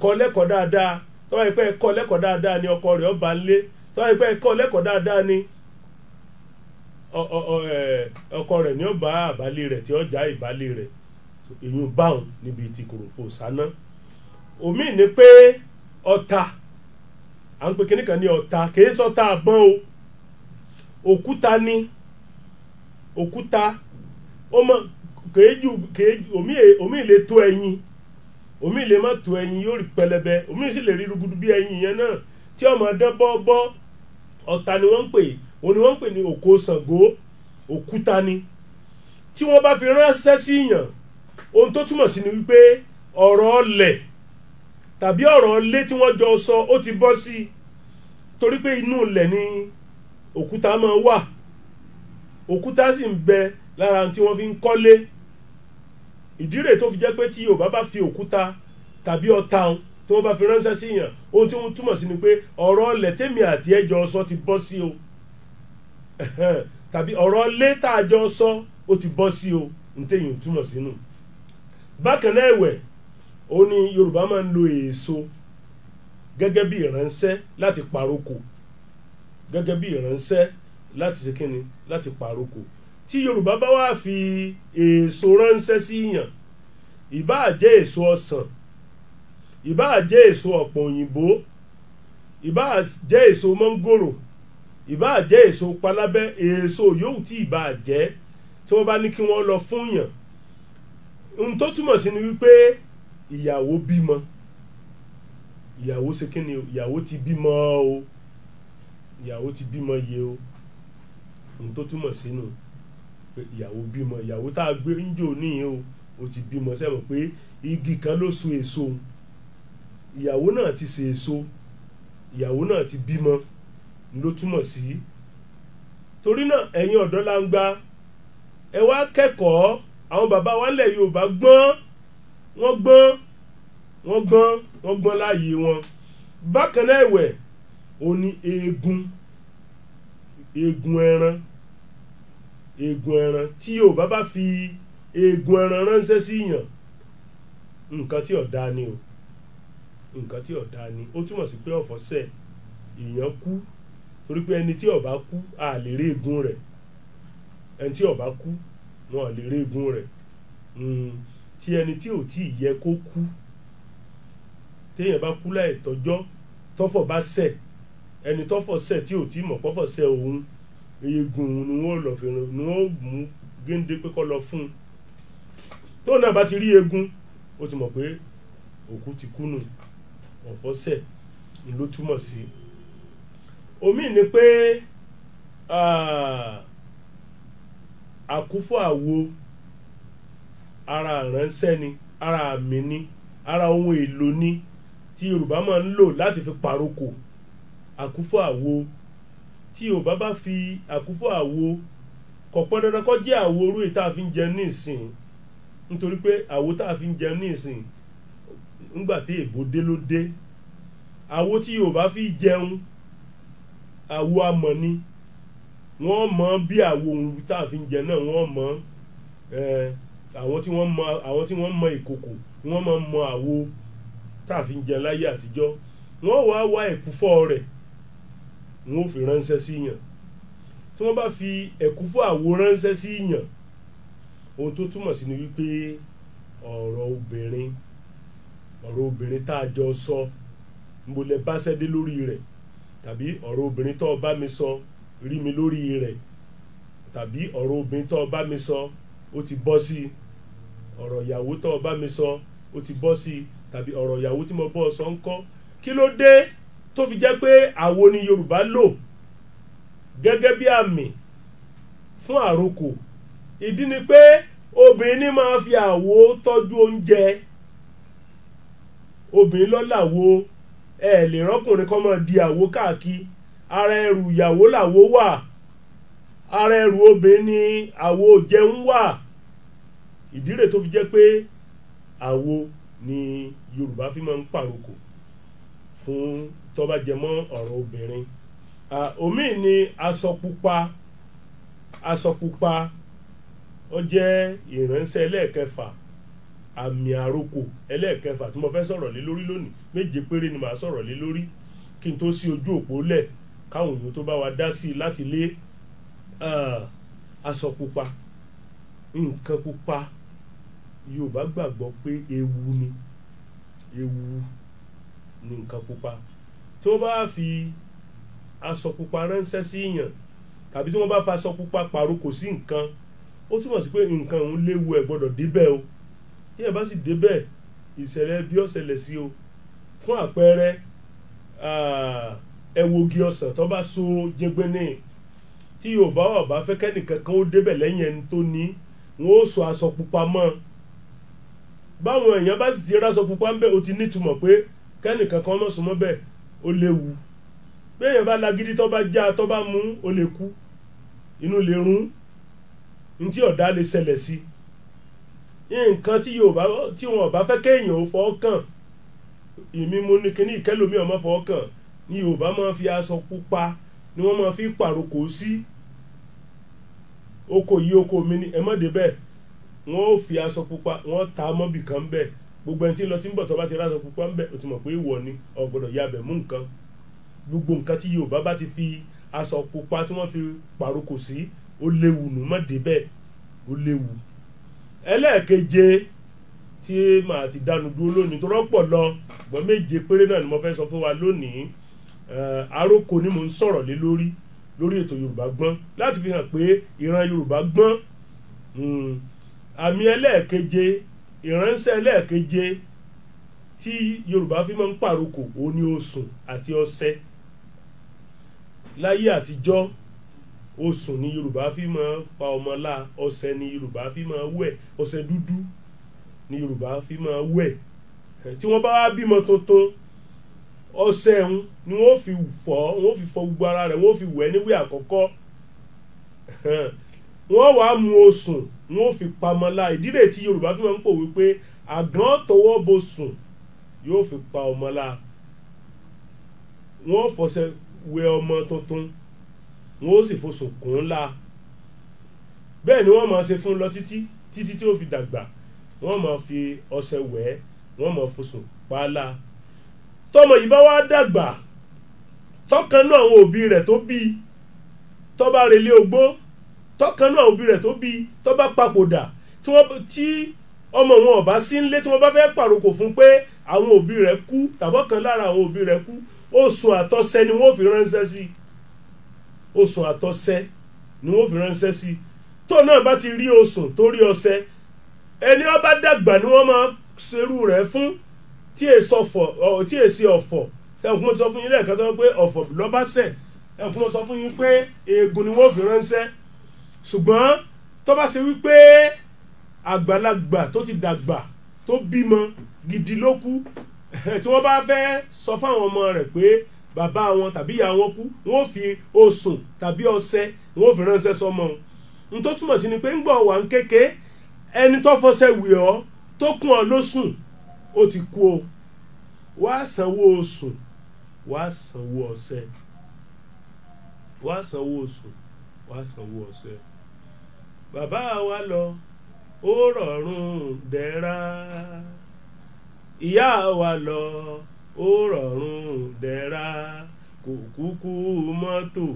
kọ́ lẹ́kọ̀ọ́ dáadáa tọ́wọ́ ẹ kọ kọ́ lẹ́kọ̀ọ́ dáadáa ni ọkọ rẹ̀ ọba ńlé tọ́wọ́ ẹ pé kọ́ lẹ́kọ̀ọ́ dáadáa ni ọkọ rẹ ni ó bá àbálé rẹ̀ tí ó já ìbálé rẹ̀ ìyún báwọn níbi tí kòròfò sáná omi ni pé ọta à ń pè kíní kan ní ọ̀tà kìí sọ̀tà àbọ̀n o òkúta ni òkúta ọmọ kèéjù kèéjù omi omi lè tó ẹyin omi lè má tó ẹyin yóò rí pẹlẹbẹ omi sì lè rí rugudu bí ẹyin yẹn náà tí ọmọ dán bọ́ bọ́ ọ̀tà ni wọ́n ń pè é òun ni wọ́n ń pè ní òkò Ṣàngó òkúta ni tí wọ́n bá fi ránṣẹ́ sí yàn ohun tó túmọ̀ sí ni wípé ọ̀rọ̀ ọlẹ̀ tàbí ọ̀rọ̀ ilé tí wọ́n jọ sọ ó ti bọ́ sí i torí pé inú ilẹ̀ ni òkúta máa wà òkúta sì ń bẹ lára tí wọ́n fi ń kọ́lé ìdí rèé tó fi jẹ́ pé tí Yorùbá bá fi òkúta tàbí ọta ohun tí wọ́n bá fi ránṣẹ́ sí yàn ohun tí wọ́n túmọ̀ sí ni pé ọ̀rọ̀ ilẹ̀ tèmi àti ẹ̀jọ̀ sọ ti bọ́ sí o. [LAUGHS] tàbí ọ̀rọ̀ létà àjọ sọ ó ti bọ́ sí o n téyìn túmọ̀ sínú bákan náà ẹ̀wẹ̀ ó ní yorùbá máa ń lo èso gẹ́gẹ́ bí ìránṣẹ́ láti paroko gẹ́gẹ́ bí ìránṣẹ́ láti ṣe kíni láti paroko tí yorùbá bá wá fi èso ránṣẹ́ sí yàn ìbáà jẹ́ èso ọsàn ìbáà jẹ́ èso ọ̀pọ̀ òyìnbó ìbáà jẹ́ èso mọ́ngòrò ìbáà jẹ́ èso palábẹ́ èso yòówù tí ìbáà jẹ́ tí wọ́n bá ní kí wọ́n lọ fún yàn ohun tó túmọ̀ sí ni wípé ìyàwó bímọ ìyàwó ṣe kí ni ìyàwó ti bímọ o ìyàwó ti bímọ yẹ o ohun tó túmọ̀ sí nù ìyàwó bímọ ìyàwó tá a gbé ń jò níyìn o ti bímọ sẹ́wọ̀n pé igi kan ló so èso ìyàwó náà ti ṣe èso ìyàwó náà ti bímọ. So ló túmọ̀ sí torí náà ẹ̀yin ọ̀dọ́ la ń gba ẹ wá kẹ́kọ̀ọ́ àwọn bàbá wa lẹ̀ Yorùbá gbọ́n wọ́n gbọ́n wọ́n gbọ́n wọ́n gbọ́n láàyè wọn bákan náà ẹ̀wẹ̀ ó ní eegun eegun ẹran eegun ẹran tí Yorùbá bá fi eegun ẹran ránṣẹ́ sí yàn nǹkan tí ọ̀dá ni o nǹkan tí ọ̀dá ni ó túmọ̀ sí pé ọ̀fọ̀ sẹ̀ èèyàn kú torí pé ẹni tí ó bá kú a lè rí eegun rẹ̀ ẹni tí ó bá kú wọn ò lè rí eegun rẹ̀ hmm, tí ẹni tí ò tí ì yẹ kó kú téèyàn bá kú láì tọ́jọ́ tọ́fọ̀ bá ṣẹ̀ ẹni tọ́fọ̀ ṣẹ̀ tí ò tí mọ̀ pọ́fọ̀ ṣẹ̀ òun eegun ni wọ́n lọ fi ni wọ́n mú géńdé pé kó lọ fún un tóun náà bá ti rí eegun ó ti mọ̀ pé òkú ti kú nù ọ̀fọ̀ ṣẹ̀ ló túmọ̀ sí i omi ni pé àkúfọ̀ àwo ara ìránṣẹ́ ni ara àmì ni ara ohun èlò ni tí yorùbá máa ń lò láti fi pàrokò àkúfọ̀ àwo tí yorùbá bá fi àkúfọ̀ àwo kò pọn dandan kó jẹ́ àwo orú yìí tá a fi ń jẹ ní ìsìn nítorí pé àwo tá a fi ń jẹ ní ìsìn ńgbà tí èbó dé ló dé àwo tí yorùbá fi jẹun àwo amọ̀ ni wọ́n mọ̀ bí àwo òun tá a fi ń jẹ náà wọ́n mọ̀ àwọn tí wọ́n mọ̀ àwọn tí wọ́n mọ̀ ìkòkò wọ́n mọ̀ mọ̀ àwo tá a fi ń jẹ láyé àtijọ́ wọ́n wá wá ẹ̀kúfọ́ rẹ̀ wọ́n ò fi ránṣẹ́ sí yàn tí wọ́n bá fi ẹ̀kúfọ́ àwo ránṣẹ́ sí yàn ohun tó túmọ̀ sí ni wípé ọ̀rọ̀ obìnrin ọ̀rọ̀ obìnrin tá a jọ sọ mo lè bá ṣẹ́dé lórí rẹ̀ tàbí ọ̀rọ̀ obìnrin tó bá mi sọ rí mi lórí rẹ̀ tàbí ọ̀rọ̀ obìnrin tó bá mi sọ ó ti bọ́ sí i ọ̀rọ̀ ìyàwó tó bá mi sọ ó ti bọ́ sí i tàbí ọ̀rọ̀ ìyàwó tí mo bọ́ ọ sọ ń kọ́ kí ló dé tó fi jẹ́ pé àwo ni Yorùbá lò gẹ́gẹ́ bí àmì fún àrokò ìdí ni pé obìnrin máa fi àwo tọ́jú oúnjẹ obìnrin lọ́làwo ẹ lè rọ́kùnrin kọ́ máa di àwo káàkiri ara ẹrù ìyàwó làwo wà ara ẹrù obìnrin ni àwo jẹun wà idire to tó fi jẹ́ pé àwo ni Yorùbá fi máa ń pàrokò fún tó ọrụ obinrin. ọ̀rọ̀ obìnrin omi ni aṣọ pupa aṣọ pupa jẹ́ ìránṣẹ́ ẹlẹ́ẹ̀kẹfà àmì àrokò ẹlẹ́ẹ̀kẹfà tí mo fẹ́ sọ̀rọ̀ lé lórí lónìí méje péré ni màá sọ̀rọ̀ lé lórí kí n tó sí ojú òpó lẹ̀ káwọn èèyàn tó bá wa dá sí i láti lé aṣọ pupa nǹkan pupa Yorùbá gbàgbọ́ pé ewu ni ewu ni nǹkan pupa tó bá fi aṣọ pupa ránṣẹ́ sí yàn tàbí tí wọ́n bá fa aṣọ pupa pàrokò sí nǹkan ó túmọ̀ sí pé nǹkan òun léwu ẹ̀ gbọ́dọ̀ débẹ̀ o tí ẹ bá sì débẹ̀ ìṣẹ̀lẹ̀ bí ó ṣẹlẹ̀ sí o fún àpẹẹrẹ ẹ wo igi ọsàn tó bá so jẹgbẹ́nì tí yorùbá ọba fẹ́ kẹ́nìkan kan ó débẹ̀ lẹ́yìn ẹni tó ní wọn ó sọ aṣọ pupa mọ́ báwọn èèyàn bá sì ti ráṣọ pupa ń bẹ̀ ó ti nítumọ̀ pé kẹ́nìkan kan náà súnmọ́ bẹ́ẹ̀ ó léwu béèyàn bá lagídí tó bá já tó bá mú ó lè kú inú lè rún ntí ọ̀dà lè ṣẹlẹ̀ sí i nǹkan tí yorùbá tí wọn bá fẹ́ kéèyàn ò fọ́ kàn èmi mo ní kíní ìkẹ́lómi ọmọ fọ́ kàn ni yorùbá máa fi aṣọ pupa ni wọ́n máa fi pàrokò sí oko yìí oko mi ni ẹ má dé bẹ́ẹ̀ wọ́n ò fi aṣọ pupa wọ́n ta mọ́bì kan bẹ́ẹ̀ gbogbo ẹni tí lọ tí ń bọ̀ tó bá ti ráṣọ pupa ń bẹ̀ o ti mọ̀ pé ìwọ ni o gbọ́dọ̀ ya bẹ̀ mú nǹkan gbogbo nǹkan tí yorùbá bá ti fi aṣọ pupa tí wọ́n fi pàrokò sí ó léwu nù má dé bẹ́ẹ̀ ó léwu ẹlẹ́ẹ̀keje tí màá ti dánu dúró lónìí tó rọ́pọ̀ lọ ṣùgbọ́n méje péré náà ni mo fẹ́ sọ fún wa lónìí àròkọ eh, ni mo ń sọ̀rọ̀ lé lórí lórí ètò Yorùbá gbọ́n láti fi hàn pé ìran Yorùbá gbọ́n hmm, àmì ẹlẹ́ẹ̀keje ìránṣẹ́ ẹlẹ́ẹ̀keje tí Yorùbá fi máa ń pàrokò òun ni osùn àti ọ̀sẹ̀ láyé àtijọ́ osùn ni yorùbá fi máa pa ọmọ lá ọṣẹ ni yorùbá fi máa wẹ̀ ọṣẹ dúdú ni yorùbá fi máa wẹ̀ tí wọ́n bá wá bímọ tuntun ọṣẹ ń ni wọ́n fi fọ̀ wọ́n fi fọ̀ gbogbo ara rẹ̀ wọ́n fi wẹ̀ níwé àkọ́kọ́ wọ́n wàá mu osùn wọ́n fi pamọ́lá ìdílé tí yorùbá fi máa ń pò wípé àgán tọwọ́ bo sùn yóò fi pa ọmọlá wọ́n fọṣẹ wẹ̀ ọmọ tuntun wọn ó sì fòṣùn kùn ún la bẹ́ẹ̀ ni wọ́n máa ṣe fún un lọ títí títí tí ó fi dàgbà wọ́n máa fi ọṣẹ wẹ̀ ẹ́ wọ́n máa fòṣùn pa á la tọmọ yìí bá wá dàgbà tọkànnú àwọn òbí rẹ̀ tó bí tó bá relé ogbó tọkànnú àwọn òbí rẹ̀ tó bí tó bá papòdà tí ọmọ wọn ò bá sí nílé tí wọ́n bá fẹ́ pàrokò fún pé àwọn òbí rẹ̀ kú tàbọ̀kan lára àwọn òbí rẹ̀ kú ó sùn àtọ̀sẹ́ ni wọ́n fi ránṣẹ́ sí i osùn àtọ̀sẹ̀ ni wọ́n fi ránṣẹ́ sí tóun náà bá ti rí osùn tó rí ọ̀sẹ̀ ẹni ọba dàgbà ni wọ́n máa ṣerú rẹ̀ fún tí èsì ọ̀fọ̀ ẹ̀kún mo sọ fún yín lẹ́ẹ̀kan tó ń pé ọ̀fọ̀ lọ́ba sẹ̀ ẹ̀kún mo sọ fún yín pé eegun ni wọ́n fi ránṣẹ́ ṣùgbọ́n tó bá ṣe wípé àgbàlagbà tó ti dàgbà tó bímọ gidi ló kú tí wọ́n bá fẹ́ sọ fáwọn ọmọ rẹ̀ pé bàbá wọn tàbí ìyá wọn kú wọn fi osùn tàbí ọṣẹ wọn fi ránṣẹ́ sọmọ n tó túmọ̀ sí ni pé ńgbọ̀ wà ń kéke ẹni tó fọṣẹ wì ọ́ tó kún ọ lóṣùn ó ti kú o wá sanwó osùn wá sanwó ọṣẹ wá sanwó osùn wá sanwó ọṣẹ bàbá wa lọ ó rọrùn dẹ̀ra ìyá wa lọ. ó rọrùn dẹ̀ra kò kúkú mọ́tò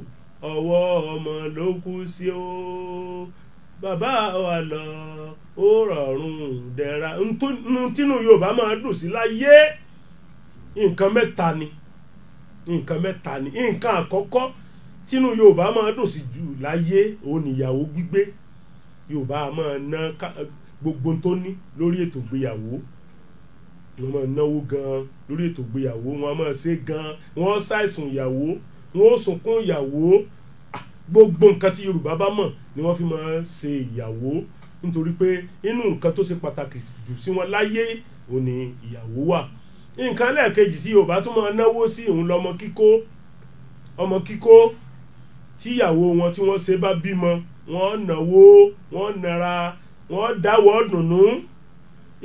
ọwọ́ ọmọ ló kú sí o bàbá wa lọ ó rọrùn dẹ̀ra ntínú Yorùbá máa dùn sí láyé nǹkan mẹ́ta ni nǹkan mẹ́ta ni nǹkan àkọ́kọ́ tínú Yorùbá máa dùn sí jù láyé òun ìyàwó gbígbé Yorùbá máa ná gbogbo tó ní lórí ètò ìgbéyàwó wọ́n máa náwó gan-an lórí ètò ìgbéyàwó wọ́n máa ṣe gan-an wọ́n ṣàìsùn ìyàwó wọ́n sunkún ìyàwó gbogbo nǹkan tí Yorùbá bá mọ̀ ni wọ́n fi máa ṣe ìyàwó nítorí pé inú nǹkan tó ṣe pàtàkì jù sí wọn láyé ò ní ìyàwó wà nǹkan lẹ́ẹ̀kejì tí Yorùbá tún máa náwó sí òun lọ́mọ kíkó ọmọ kíkó tíyàwó wọn tí wọ́n ṣe bá bímọ wọ́n náwó wọ́n nara wọ́n dáwọ́ dùnú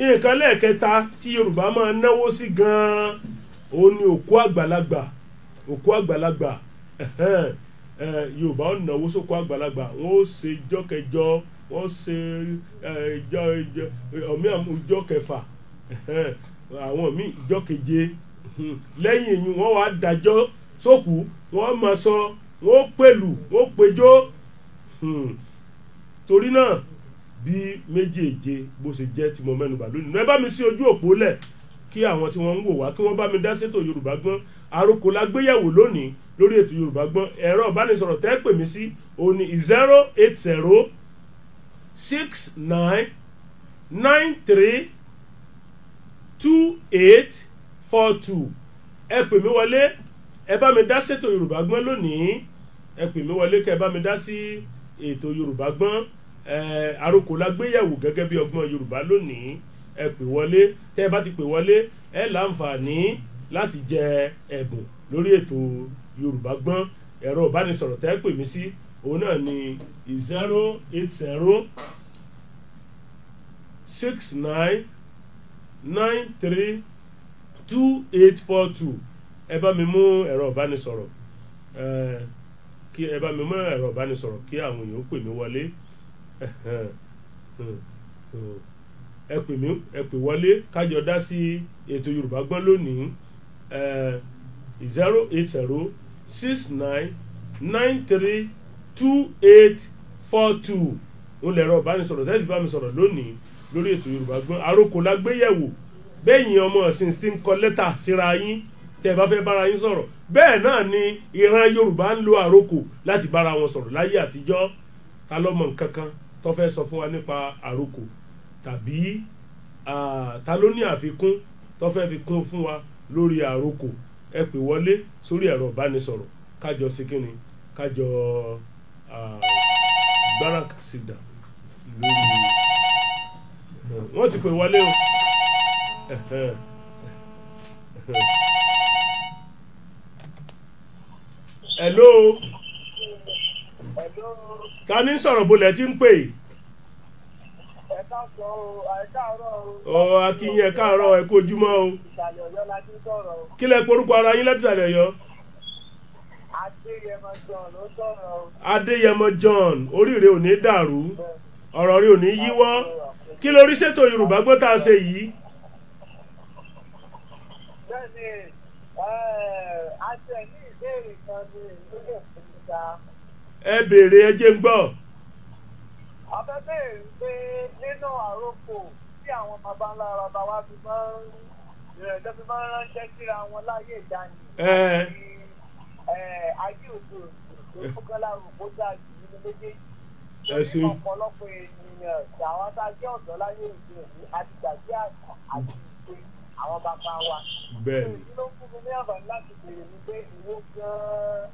nǹkan lẹ́ẹ̀kẹta tí yorùbá máa náwó sí gan-an òun ni òkú àgbàlagbà òkú àgbàlagbà yorùbá ó náwó sókú àgbàlagbà wọn ó ṣe ijọ́ kẹjọ wọn ó ṣe ijọ́ ọ̀mí ijọ́ kẹfà àwọn míì ijọ́ keje lẹ́yìn èyí wọ́n wá dájọ́ sókú wọ́n máa sọ wọ́n pẹ̀lú wọ́n péjọ torí náà bí méjèèje bó ṣe jẹ́ tí mo mẹ́nubà lónìí ẹ bá mi sí ojú òpó lẹ̀ kí àwọn tí wọ́n ń wò wá kí wọ́n bá mi dá sétò Yorùbá gbọ́n àròkọ la gbéyẹ̀wò lónìí lórí ètò Yorùbá gbọ́n ẹ̀rọ ìbánisọ̀rọ̀ tẹ́ pè mí sí òní zero eight zero six nine nine three two eight four two ẹ pè mí wọlé ẹ bá mi dá sétò Yorùbá gbọ́n lónìí ẹ pè mí wọlé kẹ́ ẹ bá mi dá sí ètò Yorùbá gbọ́n àròkò la gbéyàwó gẹ́gẹ́ bí ọgbọ́n yorùbá lónìí ẹ pè wọlé tẹ́ ẹ bá ti pè wọlé ẹ láǹfààní láti jẹ ẹ̀bùn lórí ètò yorùbá gbọ́n ẹ̀rọ ìbánisọ̀rọ̀ tẹ́ ẹ pè mí sí òun náà ni zero eight zero six nine nine three two eight four two ẹ bá mi mú ẹ̀rọ ìbánisọ̀rọ̀ kí ẹ bá mi mú ẹ̀rọ ìbánisọ̀rọ̀ kí àwọn èèyàn pè mí wọlé ẹ pè mí ẹ pè wọlé kájọ dá sí ètò Yorùbá Gbọ́n lónìí zero eight zero six nine nine three two eight four two ń lẹ̀rọ ìbánisọ̀rọ̀ tẹ́sí bá mi sọ̀rọ̀ lónìí lórí ètò Yorùbá Gbọ́n àròkò la gbé yẹ̀wò bẹ́ẹ̀yìn ọmọ ọ̀sìn ti ń kọ lẹ́tà síra yín tẹ́ ẹ bá fẹ́ bára yín sọ̀rọ̀ bẹ́ẹ̀ náà ni ìran Yorùbá ń lo àròkò láti bára wọn sọ̀rọ̀ láyé àtijọ́ ta lọ́mọ nǹkan kan tó fẹ́ sọ fún wa nípa àrokò tàbí ta ló ní àfikún tó fẹ́ fi kún fún wa lórí àrokò ẹ pè wọlé sórí ẹ̀rọ ìbánisọ̀rọ̀ kájọ sí kíni kájọ gbáràkà sí dà lórí wọ́n ti pè wọlé o hello. hello ta ní sọ̀rọ̀ bolẹ̀ tí ń pè é. ẹ káàárọ̀ o ẹ káàárọ̀ o. ọ akínyìn káàárọ̀ ẹ kó o. ìsàlẹ̀ ọ̀yọ́ la ti sọ̀rọ̀ o. kí lẹ porúkọ ara yín láti ọ̀yọ́. adéyẹmọ john ló sọ̀rọ̀ o. adéyẹmọ john oríire ò ní dàrú ọ̀rọ̀ rẹ ò ní yíwọ́ kí lórí ṣètò yorùbá gbọ́ tá a ṣe yìí. bẹ́ẹ̀ni a ẹ béèrè ẹ jẹ́ ń gbọ́. abẹ́bẹ́ èrè pé nínú àròpò tí àwọn baba ńlá baba wa fi máa ń ìrẹ̀lẹ́ fi máa ń ránṣẹ́ síra wọn láyé ìdáni. ayé òdo ìfúkànlá òkú dájú nínú méjèèjì. ẹ ṣe ọ̀pọ̀lọpọ̀ ènìyàn àwọn tá a jẹ́ ọ̀dọ́ láyé òde òní àti gbàgbé àgbà àti ìṣe àwọn bàbá wa. bẹ́ẹ̀ni. kí ló ń fún mi ní àbá láti béèrè ní pé ìwé gan-an.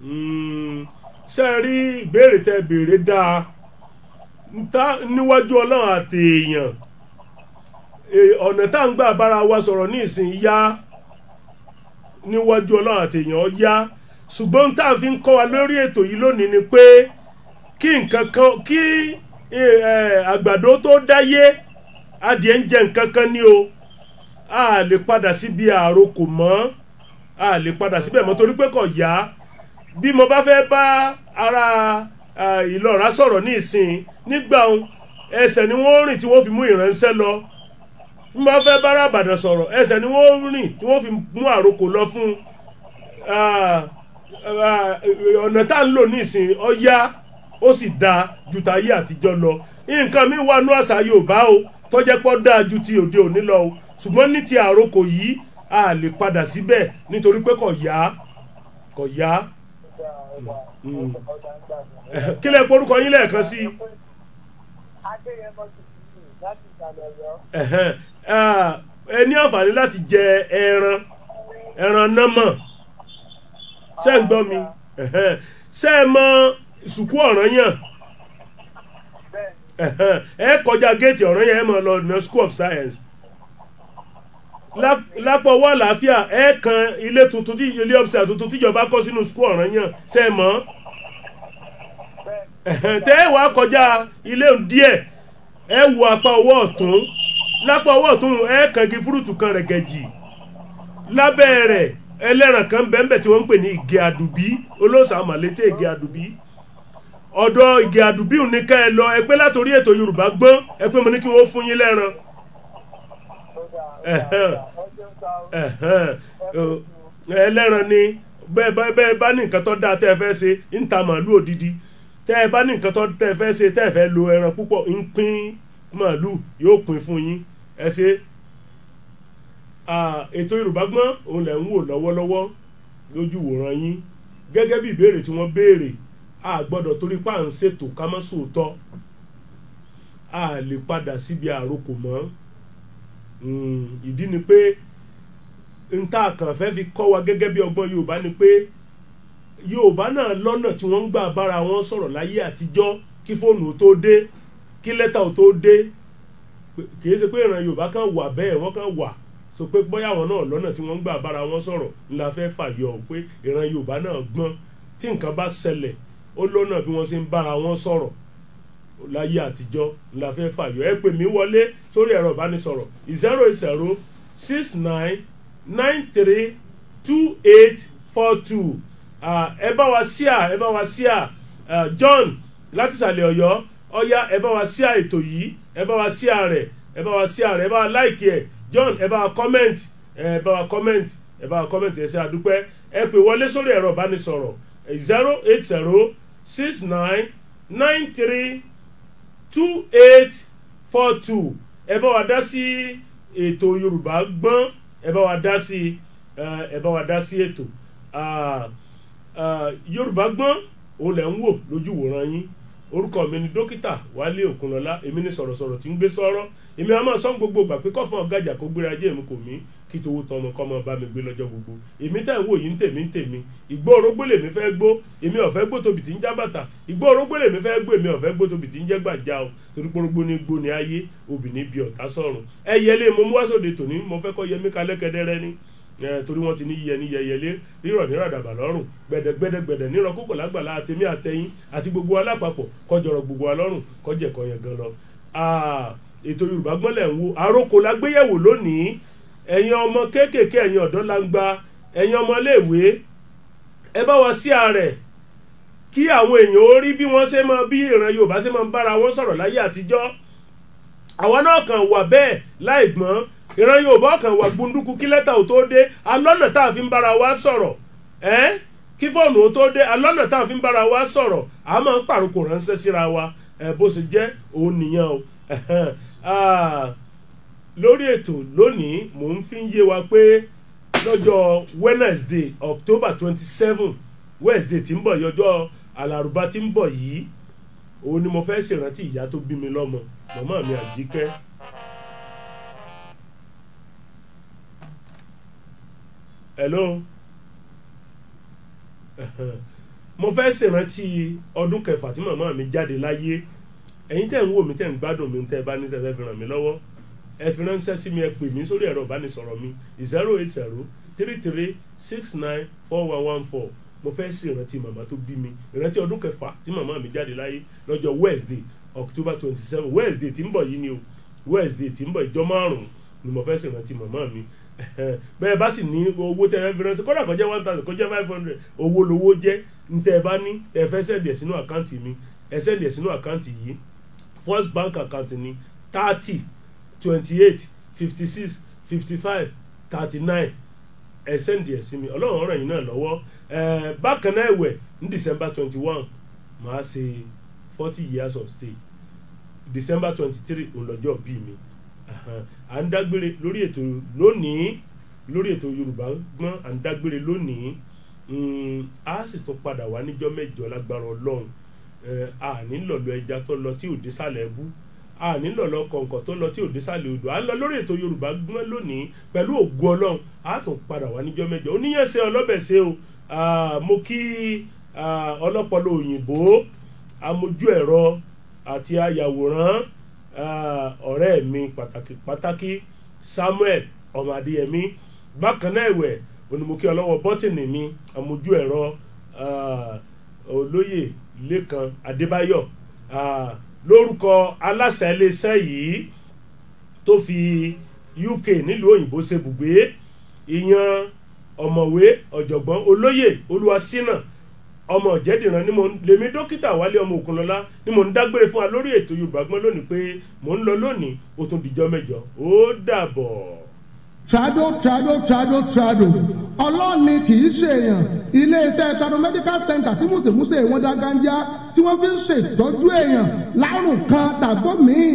Hmm. ṣe rí ìbéèrè tẹ béèrè dáa níwájú ọlọ́run àti èèyàn ọ̀nà tá ń gbà bára wa sọ̀rọ̀ ní ìsìn yá níwájú ọlọ́run àti èèyàn yá ṣùgbọ́n tá a fi ń kọ́ wa lórí ètò yìí lónìí ni pé kí nǹkan kan kí àgbàdo tó dáyé adìẹ ń jẹ ní o. a lè padà síbi àròkò mọ́ a lè padà síbẹ̀ mọ́ torí pé kò yá bí mo bá fẹ́ bá ara ìlọ́ra sọ̀rọ̀ ní ìsìn nígbà ẹsẹ̀ ni wọ́n rìn tí wọ́n fi mú ìránṣẹ́ lọ bí mo bá fẹ́ bá Ìbàdàn sọ̀rọ̀ ẹsẹ̀ ni wọ́n rìn tí wọ́n fi mú àròkò lọ fún ọ̀nà tá à ń lò ní ìsìn ó yá ó sì dáa ju tayé àtijọ́ lọ nǹkan mi wà nú àṣà Yorùbá o tó dáa ju ti òde òní lọ o ṣùgbọ́n ní ti àrokò yìí a lè padà síbẹ̀ nítorí pé kò yá kò yá hmm. Hmm. kí lè porúkọ yín lẹ́ẹ̀kan sí. ẹ ní àǹfààní láti jẹ ẹran ẹran námọ ṣé ń gbọ́ mi ṣé ẹ mọ ìsùnkú Ọ̀rànyàn ẹ kọjá géètì Ọ̀rànyàn ẹ mọ lọ ní school of science lápò ọwọ́ àlàáfíà ẹ kan ilé tuntun tí ilé ọ̀sẹ̀ tuntun tíjọba kọ́ sínú sukú Ọ̀rànyàn ṣe mọ́ tẹ́ ẹ wàá kọjá ilé díẹ̀ ẹ wo apá ọwọ́ ọ̀tún lápò ọwọ́ ọ̀tún ẹ kàngi fúrúùtù kan rẹ̀ gẹ̀jì lábẹ́ rẹ̀ ẹlẹ́ran kan bẹ́ẹ̀ tí wọ́n ń pè ní ìgè àdùbí olóòsà àmàlétẹ́ ìgè àdùbí ọ̀dọ̀ ìgè àdùbí ò ní ká ẹ lọ ẹ pé látòrí ètò Yorùbá gbọ́n ẹ pé mo ní kí wọ́n fún yín lẹ́ran ẹlẹ́ran ni bẹ́ẹ̀ bá ní nǹkan tó dáa tẹ́ ẹ fẹ́ ṣe ń ta màálù òdìdí tẹ́ ẹ bá ní nǹkan tó tẹ́ ẹ lo ẹran púpọ̀ ń pín màálù yóò pín fún yín ẹ ṣe ètò Yorùbá gbọ́n òun lẹ̀ ń wò lọ́wọ́lọ́wọ́ lójú wòran yín a gbọ́dọ̀ torí a lè padà síbi àròkò mọ́. Hmm, ìdí ni pé n tá a kàn fẹ́ fi kọ́ wa gẹ́gẹ́ bí ọgbọ́n yorùbá ni pé yorùbá náà lọ́nà tí wọ́n ń gbà bára wọn sọ̀rọ̀ láyé àtijọ́ kí fóònù tó dé kí lẹ́tà tó dé kì í ṣe pé ìran yorùbá kan wà bẹ́ẹ̀ wọ́n kan wà so pé bóyá àwọn náà lọ́nà tí wọ́n ń gbà bára wọn sọ̀rọ̀ la fẹ́ fàyọ pé ìran yorùbá náà gbọ́n tí nǹkan bá ṣẹlẹ̀ ó lọ́nà bí wọ́n ṣe ń bára wọn sọ̀rọ̀ láyé àtijọ́ la fẹ́ fàyọ ẹ pè mí wọlé sórí ẹ̀rọ ìbánisọ̀rọ̀ zero zero six nine nine three two eight four two ẹ bá wa ṣíà ẹ bá wa ṣíà John láti ìsàlẹ̀ Ọ̀yọ́ ọ̀yá ẹ bá wa ṣíà ètò yìí ẹ bá wa ṣíà rẹ̀ ẹ bá wa ṣíà rẹ̀ ẹ bá wa láìkì ẹ̀ John ẹ bá wa kọ́mẹ̀ntì ẹ bá wa kọ́mẹ̀ntì ẹ bá wa kọ́mẹ̀ntì ẹ ṣe àdúpẹ́ ẹ pè wọlé sórí ẹ̀rọ ìbánisọ̀rọ̀ zero eight zero six nine nine three two eight four two ẹ bá wa dá sí ètò yorùbá gbọ́n ẹ bá wa dá sí ẹ bá wa dá sí ètò yorùbá gbọ́n òun lẹ̀ ń wò lójú wòran yín orúkọ mi ni dókítà wálé òkunlọ́lá èmi ni sọ̀rọ̀sọ̀rọ̀ tí ń gbé sọ̀rọ̀ èmi a máa sọ gbogbo ìgbà pé kọ́fọ́n ọ̀gájà kó gbéra jẹ́ èmi kò mí kí towó tán ọmọ kọ́mọ bá mi gbé lọ́jọ́ gbogbo èmi tẹ̀ ń wò yìí ń tèmi ń tèmi ìgbó orógbó lèmi fẹ́ gbó èmi ọ̀fẹ́ gbó tóbi tí ń já bàtà ìgbó orógbó lèmi fẹ́ gbó èmi ọ̀fẹ́ gbó tóbi tí ń jẹ́ gbàjá o torí porógbó ní gbó ní ayé obì bí ọ̀tá sọ̀rùn ẹyẹ lé mo mú wá tòní mo fẹ́ kọ́ yẹmí kalẹ́ kẹdẹrẹ́ ni torí wọn ti ní yẹ ní yẹyẹlé rírọ̀ ní ràdàbà lọ́rùn gbẹdẹgbẹdẹgbẹdẹ nírọ̀ kókò lágbàlá àtẹmí àtẹyìn àti gbogbo alápapọ̀ kọjọrọ gbogbo alọ́rùn kọjẹkọyẹ gan lọ. ètò Yorùbá Gbọ́nlẹ̀ ń wo àròkọ lágbéyẹ̀wò lónìí ẹ̀yin ọmọ kéékèèké ẹ̀yin ọ̀dọ́langba ẹ̀yin léèwé ẹ bá wa sí ààrẹ kí àwọn èèyàn ó rí bí wọ́n ṣe máa bí ìran Yorùbá ṣe máa ń bára wọn sọ̀rọ̀ láyé àtijọ́ àwọn náà kàn wà bẹ́ẹ̀ láì gbọ́n ìran Yorùbá kàn gbunduku kí lẹ́tà ò tó dé alọ́nà tá a fi wa sọ̀rọ̀ ẹ́ kí fóònù ó tó dé alọ́nà tá a fi wa sọ̀rọ̀ a máa ń wa ẹ̀ bó ṣe jẹ́ òun lórí ètò lónìí mò ń fi yé wa pé lọ́jọ́ Wednesday October twenty seven Wednesday ti ń bọ̀ yọjọ́ alárùbá tí ń bọ̀ yìí òun ni mo fẹ́ ṣèrántí ìyá tó bí mi lọ́mọ màmá mi àjíkẹ́. hello mo fẹ́ ṣèrántí ọdún kẹfà tí màmá mi jáde láyé ẹ̀yin tẹ̀ ń wò mí tẹ̀ ń gbádùn mi tẹ̀ bá ní tẹ̀ fẹ́ fi ràn mí lọ́wọ́ ẹ fi ránṣẹ́ sí mi ẹ pè mí sórí ẹ̀rọ ìbánisọ̀rọ̀ mi zero eight zero three three six nine four one one four mo fẹ́ sí ìrántí màmá tó bí mi ìrántí ọdún kẹfà tí màmá mi jáde láyé lọ́jọ́ wednesday october twenty seven wednesday tí ń bọ̀ yìí ni o wednesday tí ń bọ̀ ìjọ márùn-ún ni mo fẹ́ sí ìrántí màmá mi [LAUGHS] bẹ́ẹ̀ bá sì ní owó tẹ́ ẹ fi ránṣẹ́ kódà kó one thousand kó five hundred owó lowó jẹ́ ntẹ́ ẹ bá ní ẹ fẹ́ sẹ́ndì ẹ̀ sínú àkáǹtì mi ẹ sẹ́ndì ẹ̀ sínú àkáǹtì yìí first bank account ni thirty twenty eight fifty six fifty five thirty nine ẹ sẹ́ndì ẹ̀ sí mi ọlọ́run ràn yín náà lọ́wọ́ ẹ̀ bákan náà ẹ̀wẹ̀ ní december twenty one màá ṣe forty years of stay. december twenty three òǹlọ́jọ́ bí mi à ń dágbére lórí ètò lónìí lórí ètò yorùbá gbọ́n à ń dágbére lónìí hmm, a sì tún padà wá níjọ́ mẹ́jọ lágbára ọlọ́run à ní lọ́lọ́ ẹja tó lọ tí ò dé sálẹ̀ bú a nílò lọ kọ̀ǹkọ̀ tó lọ tí ò désàlẹ̀ odò à ń lọ lórí ètò Yorùbá gbọ́n lónìí pẹ̀lú ògo Ọlọ́run a tún padà wá níjọ́ mẹ́jọ oníyẹ̀sẹ̀ ọlọ́bẹ̀sẹ̀ o mo kí ọlọ́pọlọ òyìnbó amójú ẹ̀rọ àti ayàwòrán ọ̀rẹ́ mi pàtàkì pàtàkì Samuel ọmọ Adéyẹmí bákan náà ẹ̀wẹ̀ onímọ̀kí ọlọ́wọ́ bọ́tìnì mi amójú ẹ̀rọ olóyè Lékan Adébáyọ̀ lórúkọ aláṣẹ iléeṣẹ́ yìí tó fi UK nílùú òyìnbó ṣebùgbé ìyan ọ̀mọ̀wé ọ̀jọ̀gbọ́n olóyè olúwaṣínà ọmọ ọ̀jẹ̀dìran ni mo ń lèmi dókítà wálé ọmọ òkunlọ́lá ni mo ń dágbére fún wa lórí ètò yorùbá gbọ́n lónìí pé mo ń lọ lónìí ó tún dìjọ́ mẹ́jọ ó dàbọ̀. trado trado trado trado ọlọ́ọ̀ni kì í ṣèèyàn iléeṣẹ́ trado medical center tí mùsèmùsè wọn dá gánjá tí wọ́n fi ń ṣètọ́jú èèyàn lárùn kan tàbí míì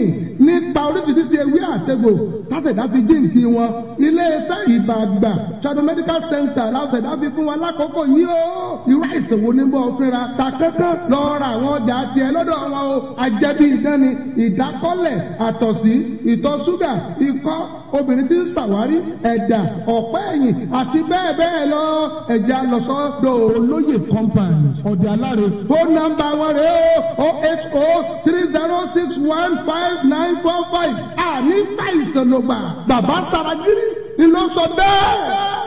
nípa oríṣiríṣi ewé àtẹ̀gbò tásẹ̀dá fi jíǹkì wọn iléeṣẹ́ ìbàgbà trado medical center lásẹ̀dá fi fún wọn lákòókò yìí o irú àìsàn wo ni bọ́ ọ fínra ta kankan lọ ra àwọn ọjà tiẹ̀ lọ́dọ̀ wọn o àjẹbí ìdánni ìdákọ́lẹ̀ àtọ̀sí ìtọ̀ ṣúgà ikọ́ obìnrin tí ń ṣàwárí ẹ̀dà ọ̀pẹ́ ẹ̀yìn àti bẹ́ẹ̀ bẹ́ẹ̀ lọ ẹ̀jẹ̀ alọ́sọ́dọ̀ olóyè company ọ̀dẹ̀ aláre phone number wọn rèé o oh eight three zero six one five nine four five àní báyìí sọ̀nùgbà bàbá saragiri ni ló sọ bẹ́ẹ̀.